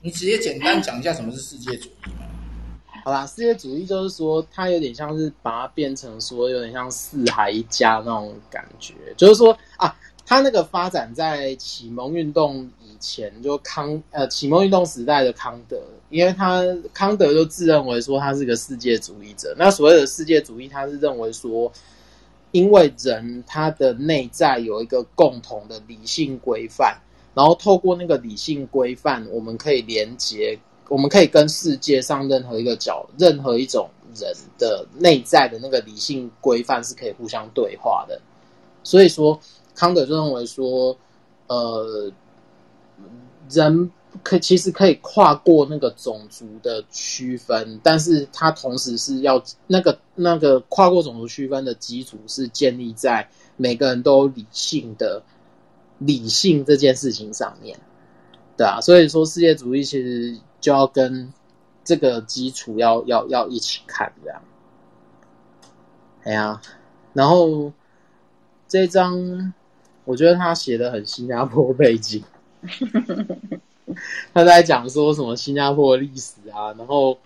Speaker 2: 你直接簡單講一下什麼是世界主義嗎？好啦，世界主義就是說，它有點像是把它變成說，有點像四海一家那種感覺。就是說啊，它那個發展在啟蒙運動以前，就康，呃，啟蒙運動時代的康德，因為他康德就自認為說他是個世界主義者。那所謂的世界主義，他是認為說，因為人他的內在有一個共同的理性規範，然後透過那個理性規範，我們可以連接。我們可以跟世界上任何一個角、任何一種人的內在的那個理性規範是可以互相對話的，所以說康德就認為說，呃，人可其實可以跨過那個種族的區分，但是他同時是要那個那個跨過種族區分的基礎是建立在每個人都理性的理性這件事情上面，對啊，所以說世界主義其實。就要跟這個基礎要要要一起看這樣，哎呀，然後這章，我覺得他寫的很新加坡背景， 他在講說什麼新加坡歷史啊，然後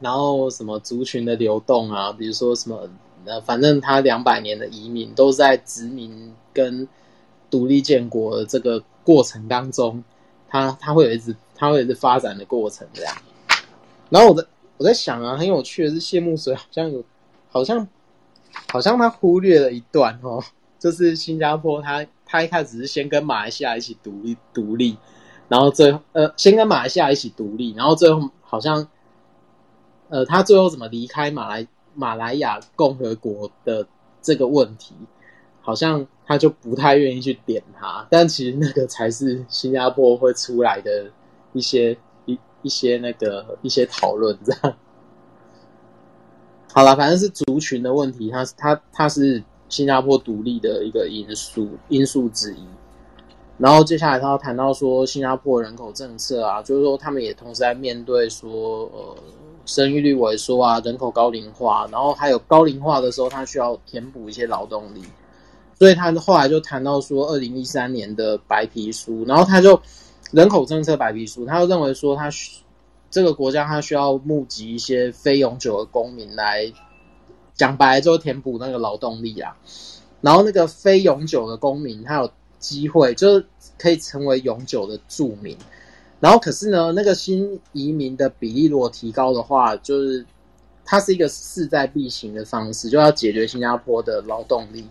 Speaker 2: 然後什麼族群的流動啊，比如說什麼呃，反正他兩百年的移民都是在殖民跟獨立建國的這個過程當中，他他會有一支。他也是發展的過程這樣，然後我在我在想啊，很有趣的是謝木水好像有好像好像他忽略了一段哦，就是新加坡他他一開始是先跟馬來西亞一起獨立獨立，然後最後呃先跟馬來西亞一起獨立，然後最後好像呃他最後怎麼離開馬來馬來亞共和國的這個問題，好像他就不太願意去點他，但其實那個才是新加坡會出來的一些一一些那個一些討論這樣，好了，反正是族群的問題，他他他是新加坡獨立的一個因素因素之一。然後接下來他要談到說新加坡人口政策啊，就是說他們也同時在面對說呃生育率萎縮啊，人口高齡化，然後還有高齡化的時候，他需要填補一些勞動力。所以他後來就談到說二零一三年的白皮書，然後他就。人口政策白皮書，他就認為說他，他這個國家他需要募集一些非永久的公民來講白，之後填補那個勞動力啊。然後那個非永久的公民他有機會，就是可以成為永久的住民。然後可是呢，那個新移民的比例如果提高的話，就是它是一個勢在必行的方式，就要解決新加坡的勞動力。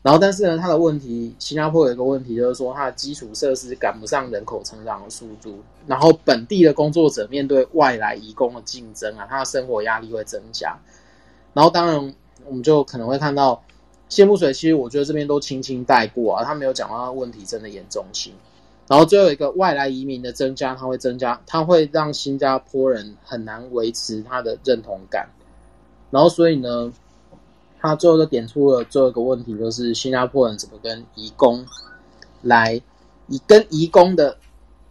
Speaker 2: 然後，但是呢，他的問題，新加坡有一個問題，就是說它的基礎設施趕不上人口成長的速度。然後，本地的工作者面對外來移工的競爭啊，他的生活壓力會增加。然後，當然，我們就可能會看到，謝木水，其實我覺得這邊都輕輕帶過啊，他沒有講到他問題真的嚴重性。然後，最後一個外來移民的增加，它會增加，他會讓新加坡人很難維持他的認同感。然後，所以呢？他最後的點出了最後一個問題，就是新加坡人怎麼跟移工來以跟移工的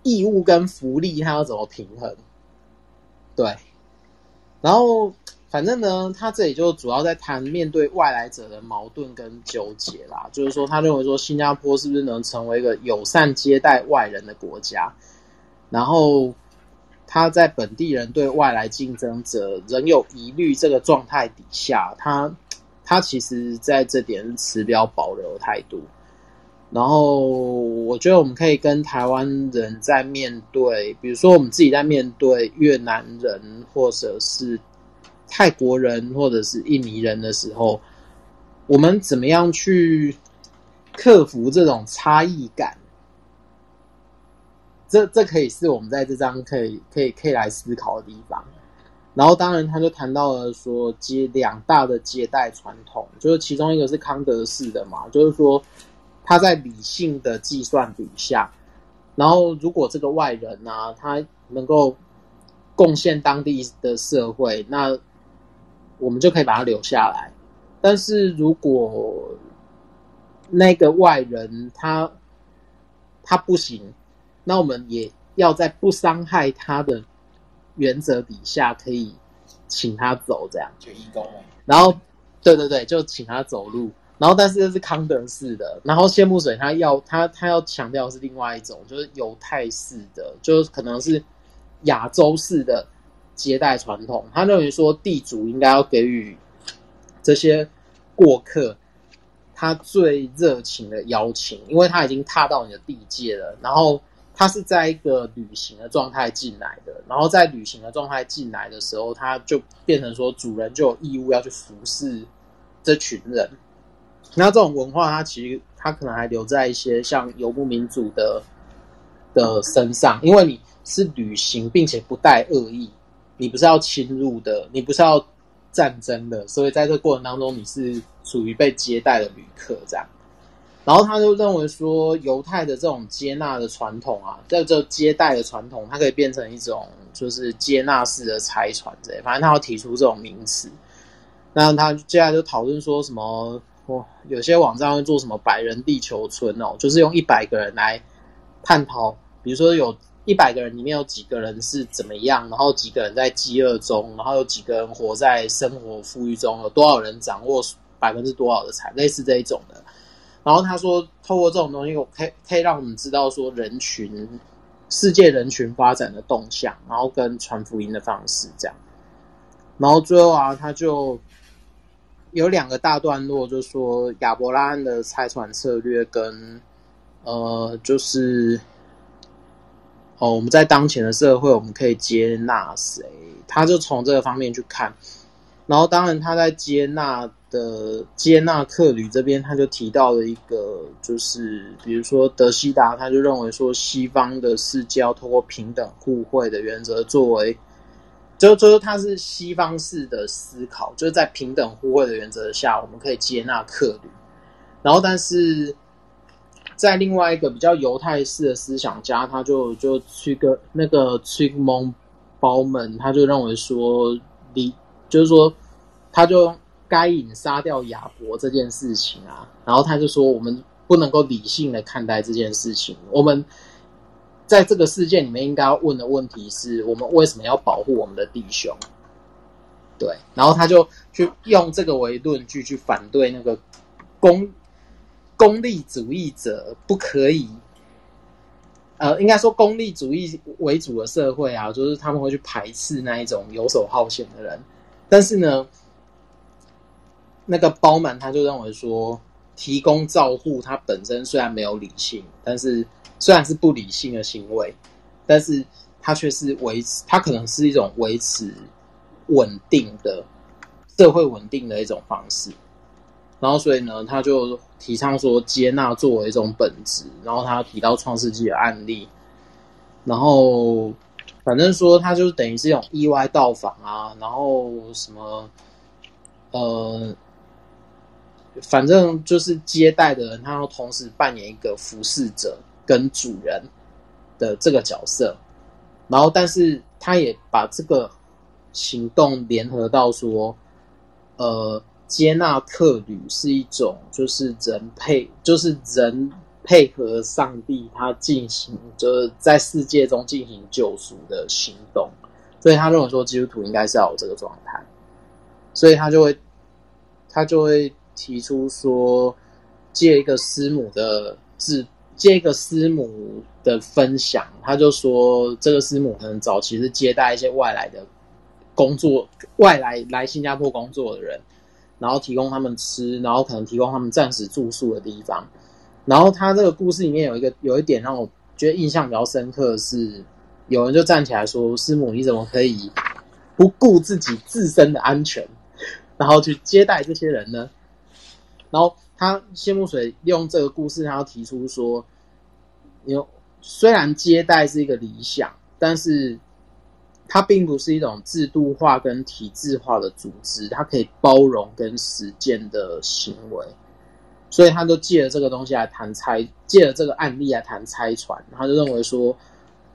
Speaker 2: 義務跟福利，他要怎麼平衡？對，然後反正呢，他這裡就主要在談面對外來者的矛盾跟糾結啦。就是說，他認為說新加坡是不是能成為一個友善接待外人的國家？然後他在本地人對外來競爭者仍有疑慮這個狀態底下，他。他其實在這點是持比較保留態度，然後我覺得我們可以跟台灣人在面對，比如說我們自己在面對越南人，或者是泰國人，或者是印尼人的時候，我們怎麼樣去克服這種差異感？這這可以是我們在這章可以可以可以來思考的地方。然後，當然，他就談到了說接兩大的接待傳統，就是其中一個是康德式的嘛，就是說他在理性的計算底下，然後如果這個外人呢、啊，他能夠貢獻當地的社會，那我們就可以把他留下來。但是如果那個外人他他不行，那我們也要在不傷害他的。原則底下可以請他走，這樣就義工了。然後，對對對，就請他走路。然後，但是這是康德式的。然後，謝木水他要他他要強調是另外一種，就是猶太式的，就是可能是亞洲式的接待傳統。他認為，說地主應該要給予這些過客他最熱情的邀請，因為他已經踏到你的地界了。然後，他是在一個旅行的狀態進來的，然後在旅行的狀態進來的時候，他就變成說主人就有義務要去服侍這群人。那這種文化，它其實它可能還留在一些像游牧民族的的身上，因為你是旅行並且不帶惡意，你不是要侵入的，你不是要戰爭的，所以在這過程當中，你是屬於被接待的旅客這樣。然後他就認為說，猶太的這種接納的傳統啊，在這接待的傳統，它可以變成一種就是接納式的財產之類。反正他要提出這種名詞。那他接下來就討論說什麼，哦，有些網站會做什麼百人地球村哦，就是用一百個人來探討，比如說有一百個人裡面有幾個人是怎麼樣，然後幾個人在飢餓中，然後有幾個人活在生活富裕中，有多少人掌握百分之多少的財，類似這一種的。然後他說，透過這種東西，我可以可以讓我們知道說人群、世界人群發展的動向，然後跟傳福音的方式這樣。然後最後啊，他就有兩個大段落，就說亞伯拉罕的拆船策略跟呃，就是哦，我們在當前的社會，我們可以接納誰？他就從這個方面去看。然後當然，他在接納。的接納客旅這邊，他就提到了一個，就是比如說德希達，他就認為說西方的世界要通過平等互惠的原則作為，就就他是西方式的思考，就是在平等互惠的原則下，我們可以接納客旅。然後，但是在另外一個比較猶太式的思想家，他就就去跟那個 Zygmunt 鮑曼，他就認為說，你就是說，他就。該隱殺掉亞伯這件事情啊，然後他就說：“我們不能夠理性的看待這件事情。我們在這個事件裡面應該要問的問題是我們為什麼要保護我們的弟兄？”對，然後他就去用這個為論據去反對那個功功利主義者不可以。呃，應該說功利主義為主的社會啊，就是他們會去排斥那一種遊手好閒的人，但是呢。那個包滿他就認為說，提供照護他本身雖然沒有理性，但是雖然是不理性的行為，但是他卻是維持，他可能是一種維持穩定的社會穩定的一種方式。然後所以呢，他就提倡說接納作為一種本質。然後他提到創世紀的案例，然後反正說他就等於是這種意外到訪啊，然後什麼呃。反正就是接待的人，他要同時扮演一個服侍者跟主人的這個角色。然後，但是他也把這個行動聯合到說，呃，接納客旅是一種，就是人配，就是人配合上帝，他進行就是在世界中進行救贖的行動。所以他認為說，基督徒應該是要有這個狀態，所以他就會，他就會。提出說，借一個師母的字，借一個師母的分享。他就說這個師母可能早期是接待一些外來的工作，外來來新加坡工作的人，然後提供他們吃，然後可能提供他們暫時住宿的地方。然後他這個故事裡面有一個有一點讓我覺得印象比較深刻的是，有人就站起來說師母，你怎麼可以不顧自己自身的安全，然後去接待這些人呢？然後他謝木水利用這個故事，他要提出說，有，雖然接待是一個理想，但是它並不是一種制度化跟體制化的組織，它可以包容跟實踐的行為，所以他就借了這個東西來談差，借了這個案例來談差傳，他就認為說。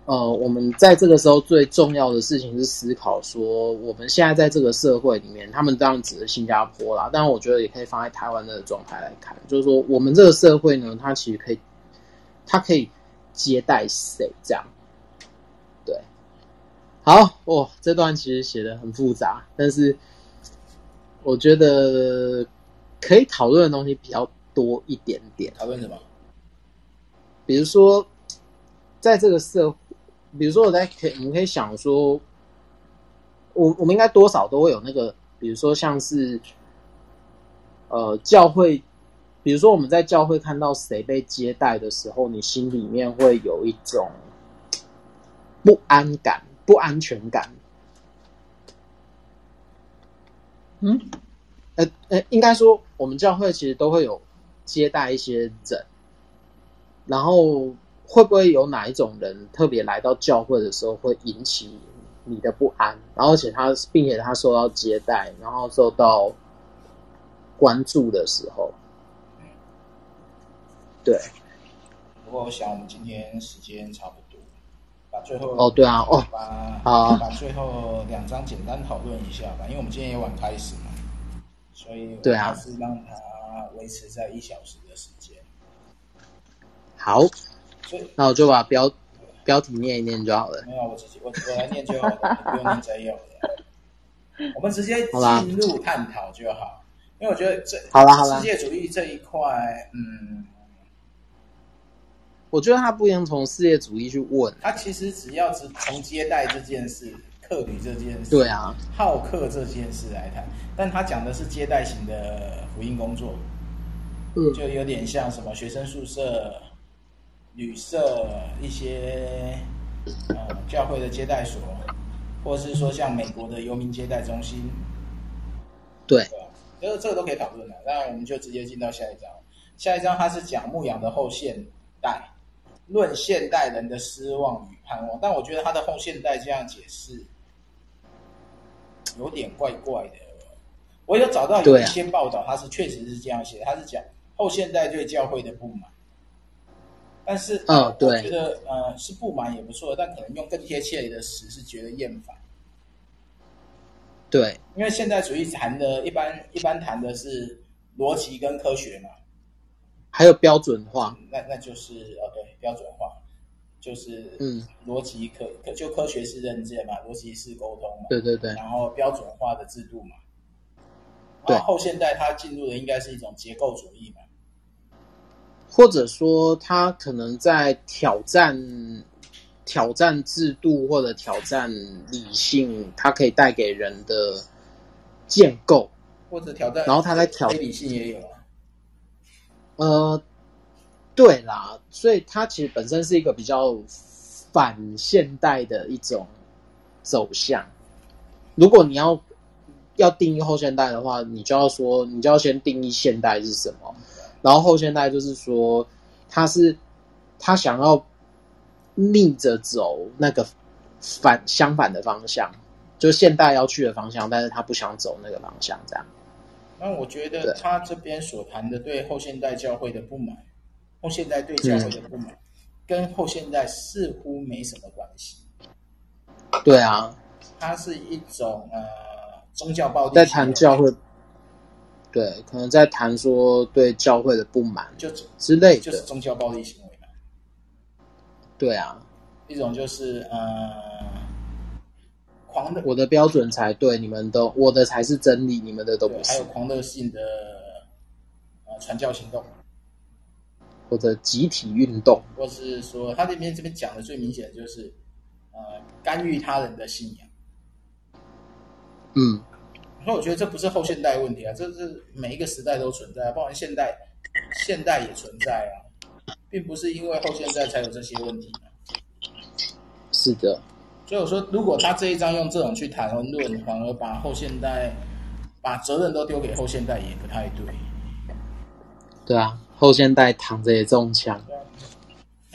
Speaker 2: 呃，我們在這個時候最重要的事情是思考說，我們現在在這個社會裡面，他們當然指的是新加坡啦，但我覺得也可以放在台灣的狀態來看，就是說我們這個社會呢，它其實可以，它可以接待誰這樣？對，好哦，這段其實寫得很複雜，但是我覺得可以討論的東西比較多一點點。討論什麼？嗯。比如說在這個社。比如說，我在可我們可以想說，我我們應該多少都會有那個，比如說像是，呃，教會，比如說我們在教會看到誰被接待的時候，你心裡面會有一種不安感、不安全感。嗯，呃呃，應該說我們教會其實都會有接待一些人，然後。會不會有哪一種人特別來到教會的時候會引起你的不安？然後，而且他並且他受到接待，然後受到關注的時候，嗯、對。不過，我想我們今天時間差不多，把最後哦對啊哦，把哦把最後兩張簡單討論一下吧，因為我們今天也晚開始嘛，所以對啊是讓他維持在一小時的時間。啊、好。對那我就把標標題念一念就好了。沒有，我自己我我來念就好了， 就不用你再要了。我們直接進入探討就好。好啦因為我覺得這好啦好啦，世界主義這一塊，啦嗯，我覺得他不應從世界主義去問。他其實只要只從接待這件事、客旅這件事、對啊，好客這件事來談。但他講的是接待型的福音工作，嗯，就有點像什麼學生宿舍。嗯旅社一些呃教會的接待所，或者是說像美國的遊民接待中心，對，這這個都可以討論的。那我們就直接進到下一章。下一章他是講牧羊的後現代，論現代人的失望與盼望。但我覺得他的後現代這樣解釋有點怪怪的。我有找到有一些報道，他是確實是這樣寫的，他、啊、是講後現代對教會的不滿。但是哦，對，我覺得呃是不滿也不錯，但可能用更貼切的詞是覺得厭煩。對，因為現代主義談的，一般一般談的是邏輯跟科學嘛，還有標準化，那那就是哦對，標準化就是
Speaker 1: 嗯，
Speaker 2: 邏輯科就科學是認件嘛，邏輯是溝通嘛，對對對，然後標準化的制度嘛，對、啊，後現代它進入的應該是一種結構主義嘛。或者說，他可能在挑戰挑戰制度，或者挑戰理性，它可以帶給人的建構，或者挑戰、啊。然後他在挑戰理性也有呃，對啦，所以它其實本身是一個比較反現代的一種走向。如果你要要定義後現代的話，你就要說，你就要先定義現代是什麼。然後後現代就是說，他是他想要逆着走那個反相反的方向，就是現代要去的方向，但是他不想走那個方向，這樣。那我覺得他這邊所談的對後現代教會的不滿，對後現代對教會的不滿，嗯、跟後現代似乎沒什麼關係。對啊，它是一種呃宗教暴力，在談教會。對，可能在談說對教會的不滿，就之類的就，就是宗教暴力行為。對啊，一種就是呃，狂熱。我的標準才對，你們都，我的才是真理，你們的都不是。還有狂熱性的呃傳教行動，或者集體運動，或是說他這邊這邊講的最明顯的就是呃干預他人的信仰。
Speaker 1: 嗯。
Speaker 2: 那我覺得這不是後現代問題啊，這是每一個時代都存在啊，包括現代，現代也存在啊，並不是因為後現代才有這些問題啊。是的，所以我說，如果他這一章用這種去談論，反而把後現代把責任都丟給後現代，也不太對。對啊，後現代躺着也中槍。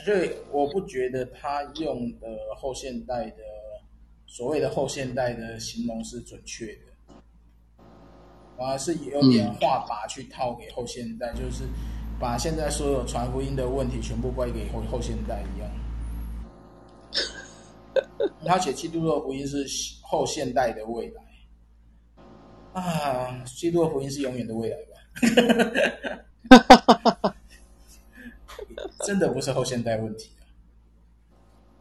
Speaker 2: 所以我不覺得他用的後現代的所謂的後現代的形容是準確的。而是也有點話法去套給後現代，嗯、就是把現在所有傳福音的問題全部歸給後後現代一樣。他寫基督的福音是後現代的未來啊，基督的福音是永遠的未來吧？ 真的不是後現代問題啊，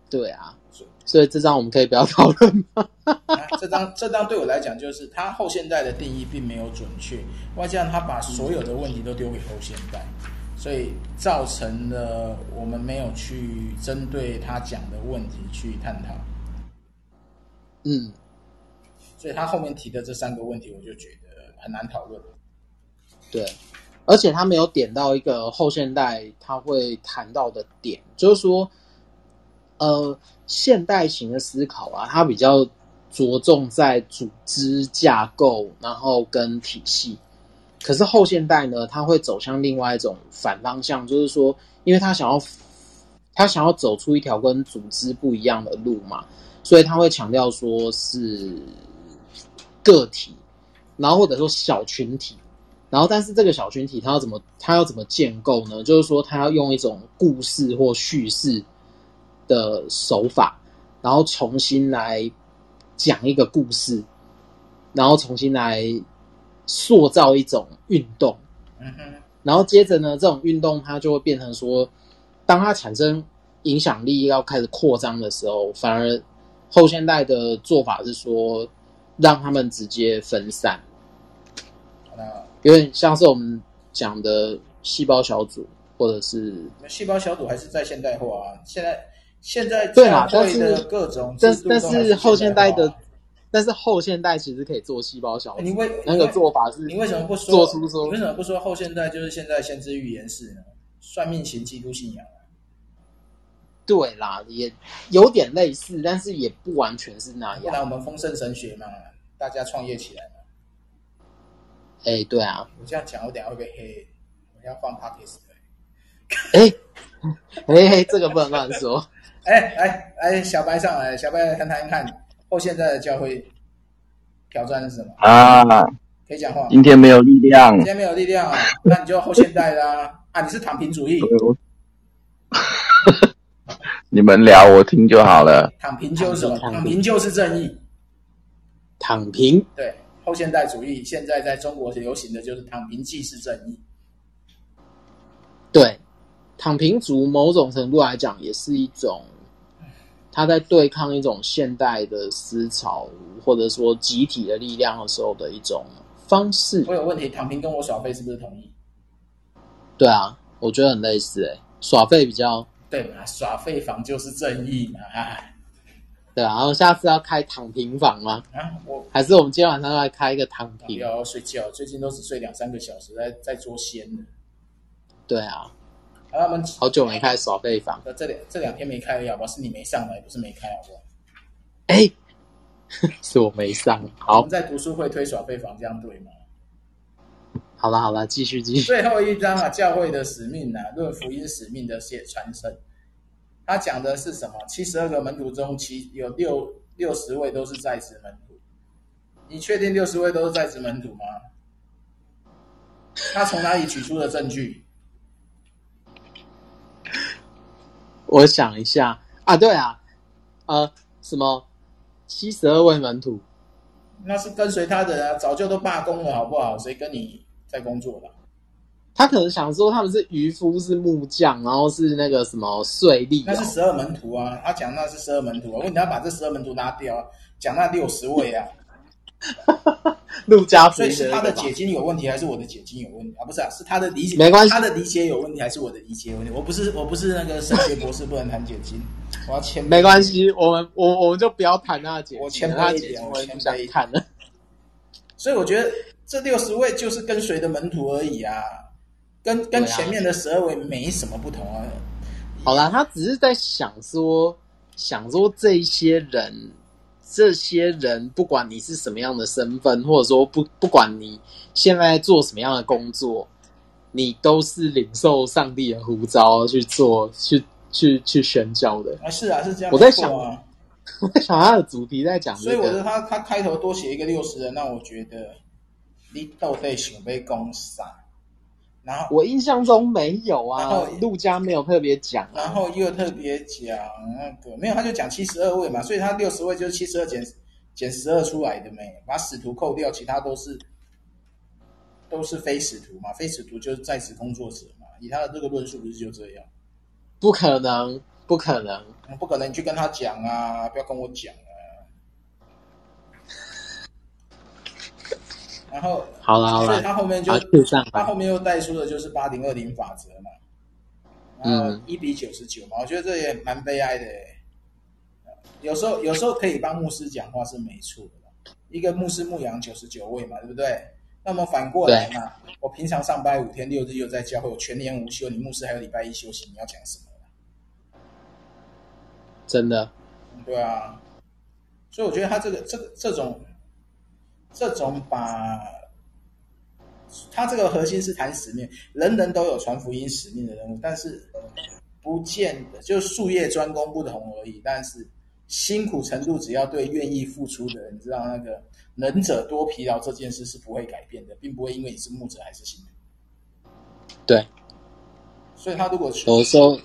Speaker 2: 對啊，所以，所以這張我們可以不要討論嗎？ 這張，這張對我來講，就是他後現代的定義並沒有準確，外加上他把所有的問題都丟給後現代，所以造成了我們沒有去針對他講的問題去探討。嗯，所以他後面提的這三個問題，我就覺得很難討論。對，而且他沒有點到一個後現代他會談到的點，就是說，呃，現代型的思考啊，他比較。着重在組織架構，然後跟體系。可是後現代呢，他會走向另外一種反方向，就是說，因為他想要他想要走出一條跟組織不一樣的路嘛，所以他會強調說是個體，然後或者說小群體。然後，但是這個小群體他要怎麼他要怎麼建構呢？就是說，他要用一種故事或敘事的手法，然後重新來。講一個故事，然後重新來塑造一種運動，嗯、哼然後接着呢，這種運動它就會變成說，當它產生影響力要開始擴張的時候，反而後現代的做法是說，讓他們直接分散，有點、嗯、哼像是我們講的細胞小組，或者是細胞小組還是在現代化，啊，現在。現在這的現、啊、對嘛？但是各種，但是但是後現代的，但是後現代其實可以做細胞小組、欸。你為，為那個做法是做出？你為什麼不說？做出說你為什麼不說後現代就是現在？先知預言是算命型、基督信仰、啊？對啦，也有點類似，但是也不完全是那樣。樣後來我們豐盛神學嘛，大家創業起來嘛。哎、欸，對啊，我這樣講有點會被黑，我要放 Parker、欸。哎哎、欸欸欸，這個不能亂說。 哎，哎哎、欸，小白上來，小白談談看，看，後現代的教會挑戰是什麼？
Speaker 1: 啊，
Speaker 2: 可以講話。今天
Speaker 1: 沒有力量。今天
Speaker 2: 沒有力量、啊，那你就後現代啦 啊！你是躺平主義。
Speaker 1: 你們聊我聽就好了。
Speaker 2: 躺平就是什麼？躺平就是正義。躺平。對，後現代主義現在在中國流行的就是躺平即是正義。對，躺平族某種程度來講也是一種。他在對抗一種現代的思潮，或者說集體的力量的時候的一種方式。我有問題、欸，躺平跟我耍廢是不是同意？對啊，我覺得很類似誒、欸，耍廢比較對嘛，耍廢房就是正義嘛。對啊，然後下次要開躺平房嗎？啊，我還是我們今天晚上要來開一個躺平。要，要睡覺，最近都只睡兩三個小時，在在捉仙。對啊。他們好久沒開耍廢房，那這裡這兩天沒開了，好好，啞巴是你沒上嗎？也不是沒開，好不好？哎、欸， 是我沒上。好，我們在讀書會推耍廢房，好這樣對嗎？好了好了，繼續繼續。最後一章啊，教會的使命啊，論福音使命的寫傳承，他講的是什麼？七十二個門徒中，七有六六十位都是在職門徒，你確定六十位都是在職門徒嗎？他從哪裡取出的證據？我想一下啊，對啊，呃，什麼七十二位門徒，那是跟隨他的啊，早就都罷工了，好不好？誰跟你在工作了？他可能想說他們是漁夫，是木匠，然後是那個什麼稅吏、啊，那是十二門徒啊。他講那是十二門徒啊，問你要把這十二門徒拉掉、啊，講那六十位啊。 哈哈哈，陸 家。所以是他的解經有問題，還是我的解經有問題啊？不是啊，是他的理解，沒關係。他的理解有問題，還是我的理解有問題？我不是，我不是那個神學博士，不能談解經。 我要謙。沒關係，我們我我們就不要談那解，我簽前他一點，我謙卑談了。所以我覺得這六十位就是跟隨的門徒而已啊，跟跟前面的十二位沒什麼不同啊。 好了，他只是在想說，想說這一些人。這些人，不管你是什麼樣的身份，或者說不，不管你現在，在做什麼樣的工作，你都是領受上帝的呼召去做，去去去宣教的。啊，是啊，是這樣。啊，我在想啊，我在想他的主題在講什麼。所以我覺得他他開頭多寫一個六十人，那我覺得你都得準被攻山。然後我印象中沒有啊，然後路加沒有特別講啊，然後又特別講那個沒有，他就講七十二位嘛，所以他六十位就是七十二減減十二出來的沒，把使徒扣掉，其他都是都是非使徒嘛，非使徒就是在職工作者嘛，以他的這個論述不是就這樣？不可能，不可能，不可能，你去跟他講啊，不要跟我講。然後，好了好了，所以，他後面就他後面又帶出的就是八零二零法則嘛，嗯，一比九十九嘛，我覺得這也蠻悲哀的。有時候，有時候可以幫牧師講話是沒錯的。一個牧師牧養九十九位嘛，對不對？那麼反過來嘛，對我平常上班五天六日又在教會，我全年無休，你牧師還有禮拜一休息，你要講什麼？真的？對啊，所以我覺得他這個這這種。這種把，它這個核心是談使命，人人都有傳福音使命的任務，但是不見得就術業專攻不同而已。但是辛苦程度，只要對願意付出的人，你知道那個能者多疲勞這件事是不會改變的，並不會因為你是牧者還是新人。對，所以他如果有時候，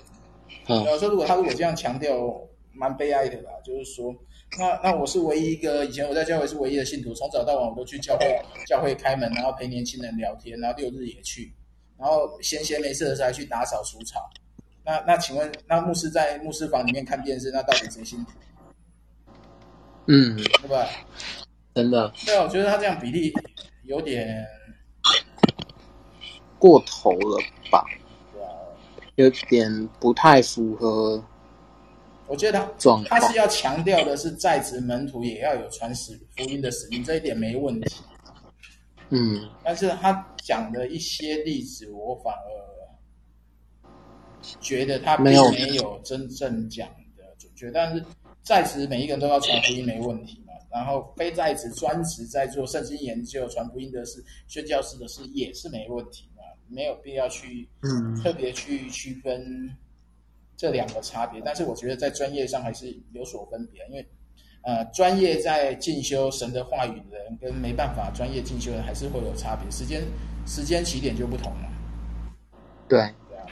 Speaker 2: 有時候如果他如果這樣強調，蠻悲哀的吧，就是說。那那我是唯一一個，以前我在教會是唯一的信徒，從早到晚我都去教會，教會開門，然後陪年輕人聊天，然後六日也去，然後閒閒沒事的時候還去打掃除草。那那請問，那牧師在牧師房裡面看電視，那到底誰信徒？嗯，對吧？真的。對啊，我覺得他這樣比例有點過頭了吧？對啊，有點不太符合。我覺得他他是要強調的是，在職門徒也要有傳十福音的使命，這一點沒問題。嗯，但是他講的一些例子，我反而覺得他並沒有真正講的準確。有但是在職每一個人都要傳福音，沒問題嘛？然後非在職專職在做聖經研究、傳福音的事、宣教士的事，也是沒問題嘛？沒有必要去、嗯、特別去區分。這兩個差別，但是我覺得在專業上還是有所分別，因為，呃，專業在進修神的話語的人跟沒辦法專業進修的還是會有差別，時間時間起點就不同了。對，對啊，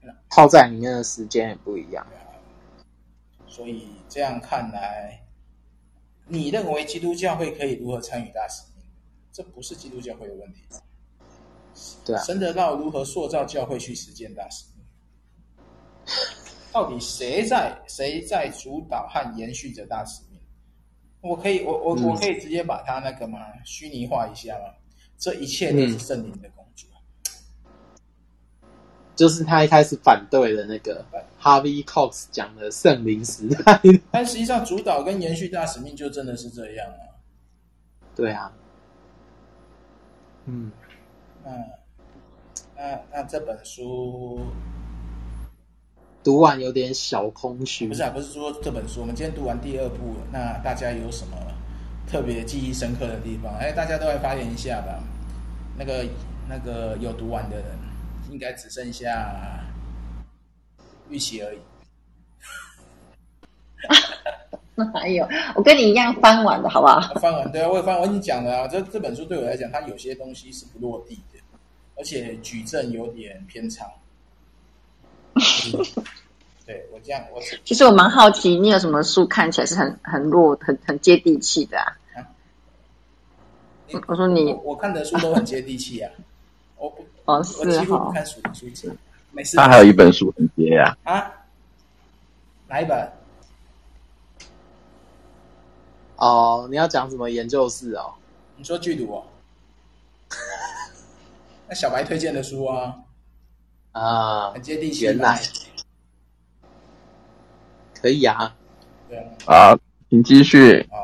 Speaker 2: 那耗在裡面的時間也不一樣、啊。所以這樣看來，你認為基督教會可以如何參與大使命？這不是基督教會的問題。對啊，神的道如何塑造教會去實踐大使命？到底誰在誰在主導和延續着大使命？我可以，我我我可以直接把它那個嘛、嗯、虛擬化一下嘛。這一切都是聖靈的工作，就是他一開始反對的那個 Harvey Cox 講的聖靈時代。嗯、但實際上，主導跟延續大使命就真的是這樣啊？對啊，嗯，那那那這本書。讀完有點小空虛。不是啊，不是說這本書。我們今天讀完第二部，那大家有什麼特別記憶深刻的地方？哎，大家都會發言一下吧。那個、那個有讀完的人，應該只剩下玉琪而已。哈哈，那
Speaker 3: 還有，我跟你一樣翻完
Speaker 2: 的，好不好？ 翻完，對啊，我有翻完，我跟你講的啊。這這本書對我來講，它有些東西是不落地的，而且矩陣有點偏差。 對我，這樣我其實我
Speaker 3: 蠻好奇，你有什麼書看起來是很，很弱很、很接地氣的啊？啊我說你，我，
Speaker 2: 我看的書都很接地氣啊， 我不、哦哦、我幾乎不看書書籍，沒事。他還有一本
Speaker 1: 書很接啊？啊
Speaker 2: 哪一本？哦，你要講什麼研究室哦？你說劇毒哦？ 那小白推薦的書啊？啊，原來可以啊！啊
Speaker 1: 好，請繼續啊。哦，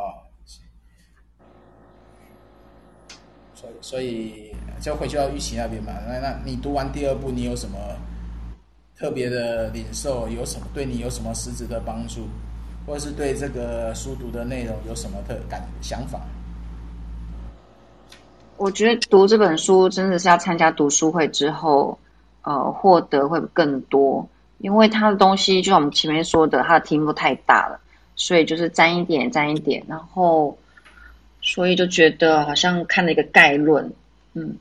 Speaker 2: 所以所以就回去到玉琪那邊嘛。那那你讀完第二部，你有什麼特別的領受？有什麼對你有什麼實質的幫助，或者是對這個書讀的內容有什麼特感想法？
Speaker 3: 我覺得讀這本書真的是要參加讀書會之後。呃，獲得會更多，因為他的東西就像我們前面說的，他的題目太大了，所以就是沾一點，沾一點，然後所以就覺得好像看了一個概論，嗯，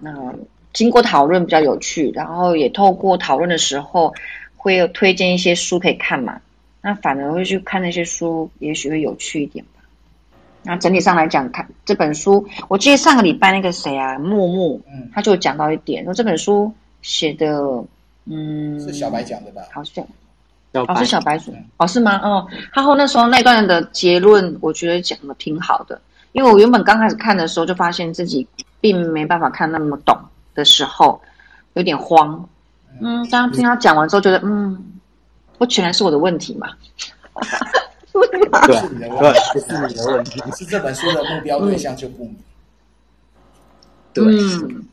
Speaker 3: 那、呃、經過討論比較有趣，然後也透過討論的時候會有推薦一些書可以看嘛，那反而會去看那些書，也許會有趣一點。那整體上來講，看這本書，我記得上個禮拜那個誰啊，木木，他就講到一點說這本書寫的，嗯，是小白講的吧？好像，白哦，是小白鼠、嗯、哦，是嗎？哦，然後那時候那段的結論，我覺得講的挺好的，因為我原本剛開始看的時候，就發現自己並沒辦法看那麼懂的時候，有點慌。嗯，當聽他講完之後，覺得嗯，嗯，嗯，不全然是我的問題嘛。 對不吧、就是你的問
Speaker 2: 題， 你是這本書的目標對象就不明。嗯、對。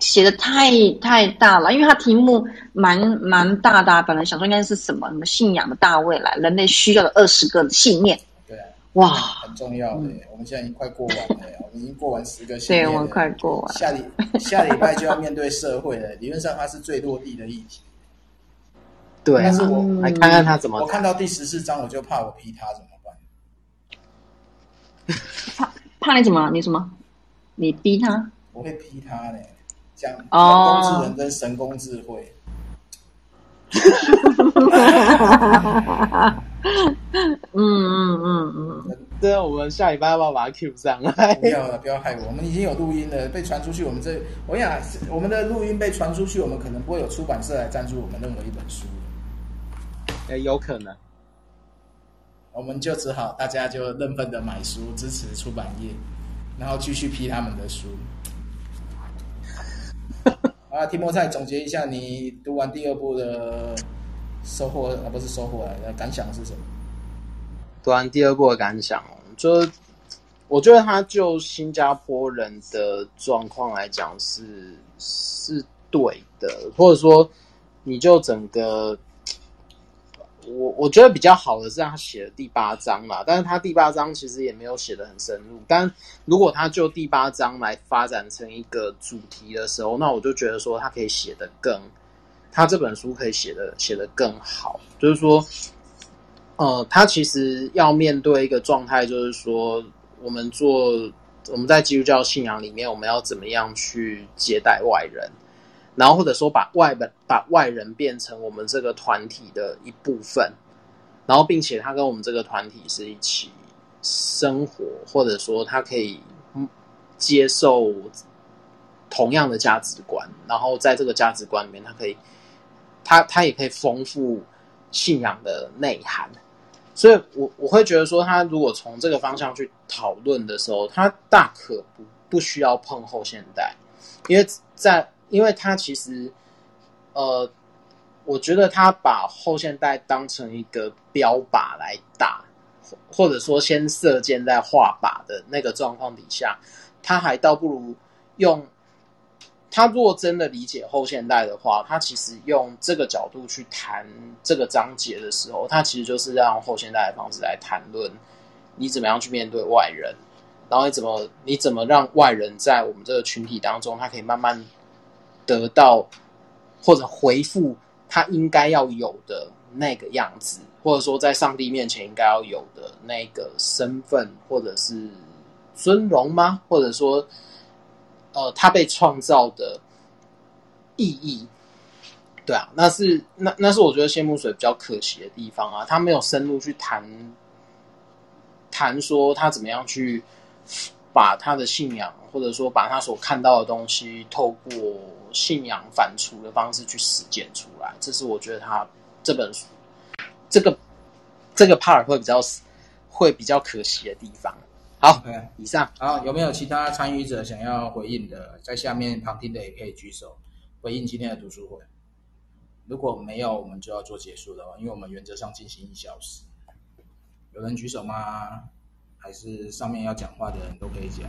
Speaker 3: 寫得太太大了，因為它題目蠻蠻大的。本來想說應該是什麼什麼信仰的大未來，人類需要的二十個信念。對啊，哇，
Speaker 2: 很重要的。嗯、我們現在已經快過完了，我們已經過完十個信念了。 對，我們
Speaker 3: 快過完
Speaker 2: 了下。下禮下禮拜就要面對社會了， 理論上它是最落地的議題。對、啊，但是我來、嗯、看看他怎麼。我看到第十四章，我就怕我批他怎麼辦？怕怕你怎
Speaker 3: 麼，你什麼？你逼他？
Speaker 2: 我會批他的。講人工智能跟神工智慧。
Speaker 3: 哈嗯嗯嗯嗯，嗯嗯嗯
Speaker 2: 對啊，對嗯、我們下禮拜要不要把它 Q 上來？不要了，不要害我。我們已經有錄音了，被傳出去，我們這我跟你講我們的錄音被傳出去，我們可能不會有出版社來贊助我們任何一本書。哎，有可能，我們就只好大家就認分的買書支持出版業，然後繼續批他們的書。啊提摩太總結一下，你讀完第二部的收穫啊，不是收穫啊，感想是什麼？讀完第二部的感想，就是我覺得他就新加坡人的狀況來講是是對的，或者說你就整個。我我覺得比較好的是他寫的第八章啦，但是他第八章其實也沒有寫的很深入。但如果他就第八章來發展成一個主題的時候，那我就覺得說他可以寫的更，他這本書可以寫的寫的更好。就是說，呃，他其實要面對一個狀態，就是說，我們做，我們在基督教信仰裡面，我們要怎麼樣去接待外人？然後或者說把外本，把外人變成我們這個團體的一部分，然後並且他跟我們這個團體是一起生活，或者說他可以接受同樣的價值觀，然後在這個價值觀裡面，他可以他他也可以豐富信仰的內涵。所以我，我我會覺得說，他如果從這個方向去討論的時候，他大可不不需要碰後現代，因為在。因為他其實，呃，我覺得他把後現代當成一個標靶來打，或者說先射箭再畫靶的那個狀況底下，他還倒不如用，他若真的理解後現代的話，他其實用這個角度去談這個章節的時候，他其實就是讓後現代的方式來談論你怎麼樣去面對外人，然後你怎麼你怎麼讓外人在我們這個群體當中，他可以慢慢。得到或者回復他應該要有的那個樣子，或者說在上帝面前應該要有的那個身份，或者是尊榮嗎？或者說，呃，他被創造的意義？對啊，那是那那是我覺得謝木水比較可惜的地方啊，他沒有深入去談談說他怎麼樣去把他的信仰。或者說，把他所看到的東西，透過信仰反芻的方式去實踐出來，這是我覺得他這本書這個這個 part 會比較會比較可惜的地方。好 Okay. 以上。好，有沒有其他參與者想要回應的？在下面旁聽的也可以舉手回應今天的讀書會。如果沒有，我們就要做結束了，因為我們原則上進行一小時。有人舉手嗎？還是上面要講話的人都可以講？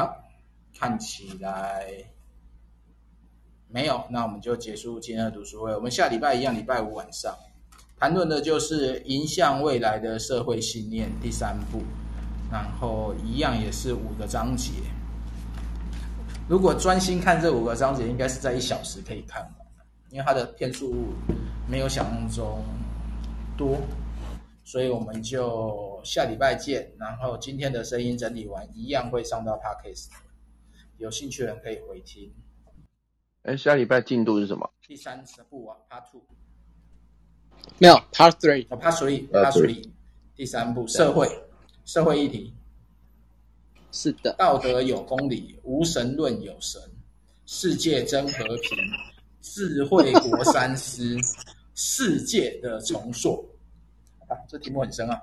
Speaker 2: 好，看起來沒有，那我們就結束今天的讀書會。我們下禮拜一樣，禮拜五晚上，談論的就是迎向未來的社會信念第三部，然後一樣也是五個章節。如果專心看這五個章節，應該是在一小時可以看完，因為它的篇數沒有想象中多，所以我們就。下禮拜見。然後今天的聲音整理完，一樣會上到 podcast。有興趣的人可以回聽。哎，下禮拜進度是什麼？第三部啊，Part Two，沒有、no, Part Three，Part Three，Part Three，,、oh, Part three, Part three. 第三部 Part three. 社會對社會議題。是的，道德有公理，無神論有神，世界真和平，智慧國三思， 世界的重塑。好、啊、吧，這題目很深啊。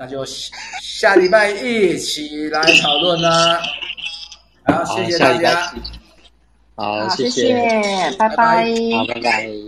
Speaker 2: 那就下禮拜一起來討論呢。
Speaker 1: 好，
Speaker 2: 好謝謝大家。好，
Speaker 1: 好謝謝，拜拜。好，拜拜。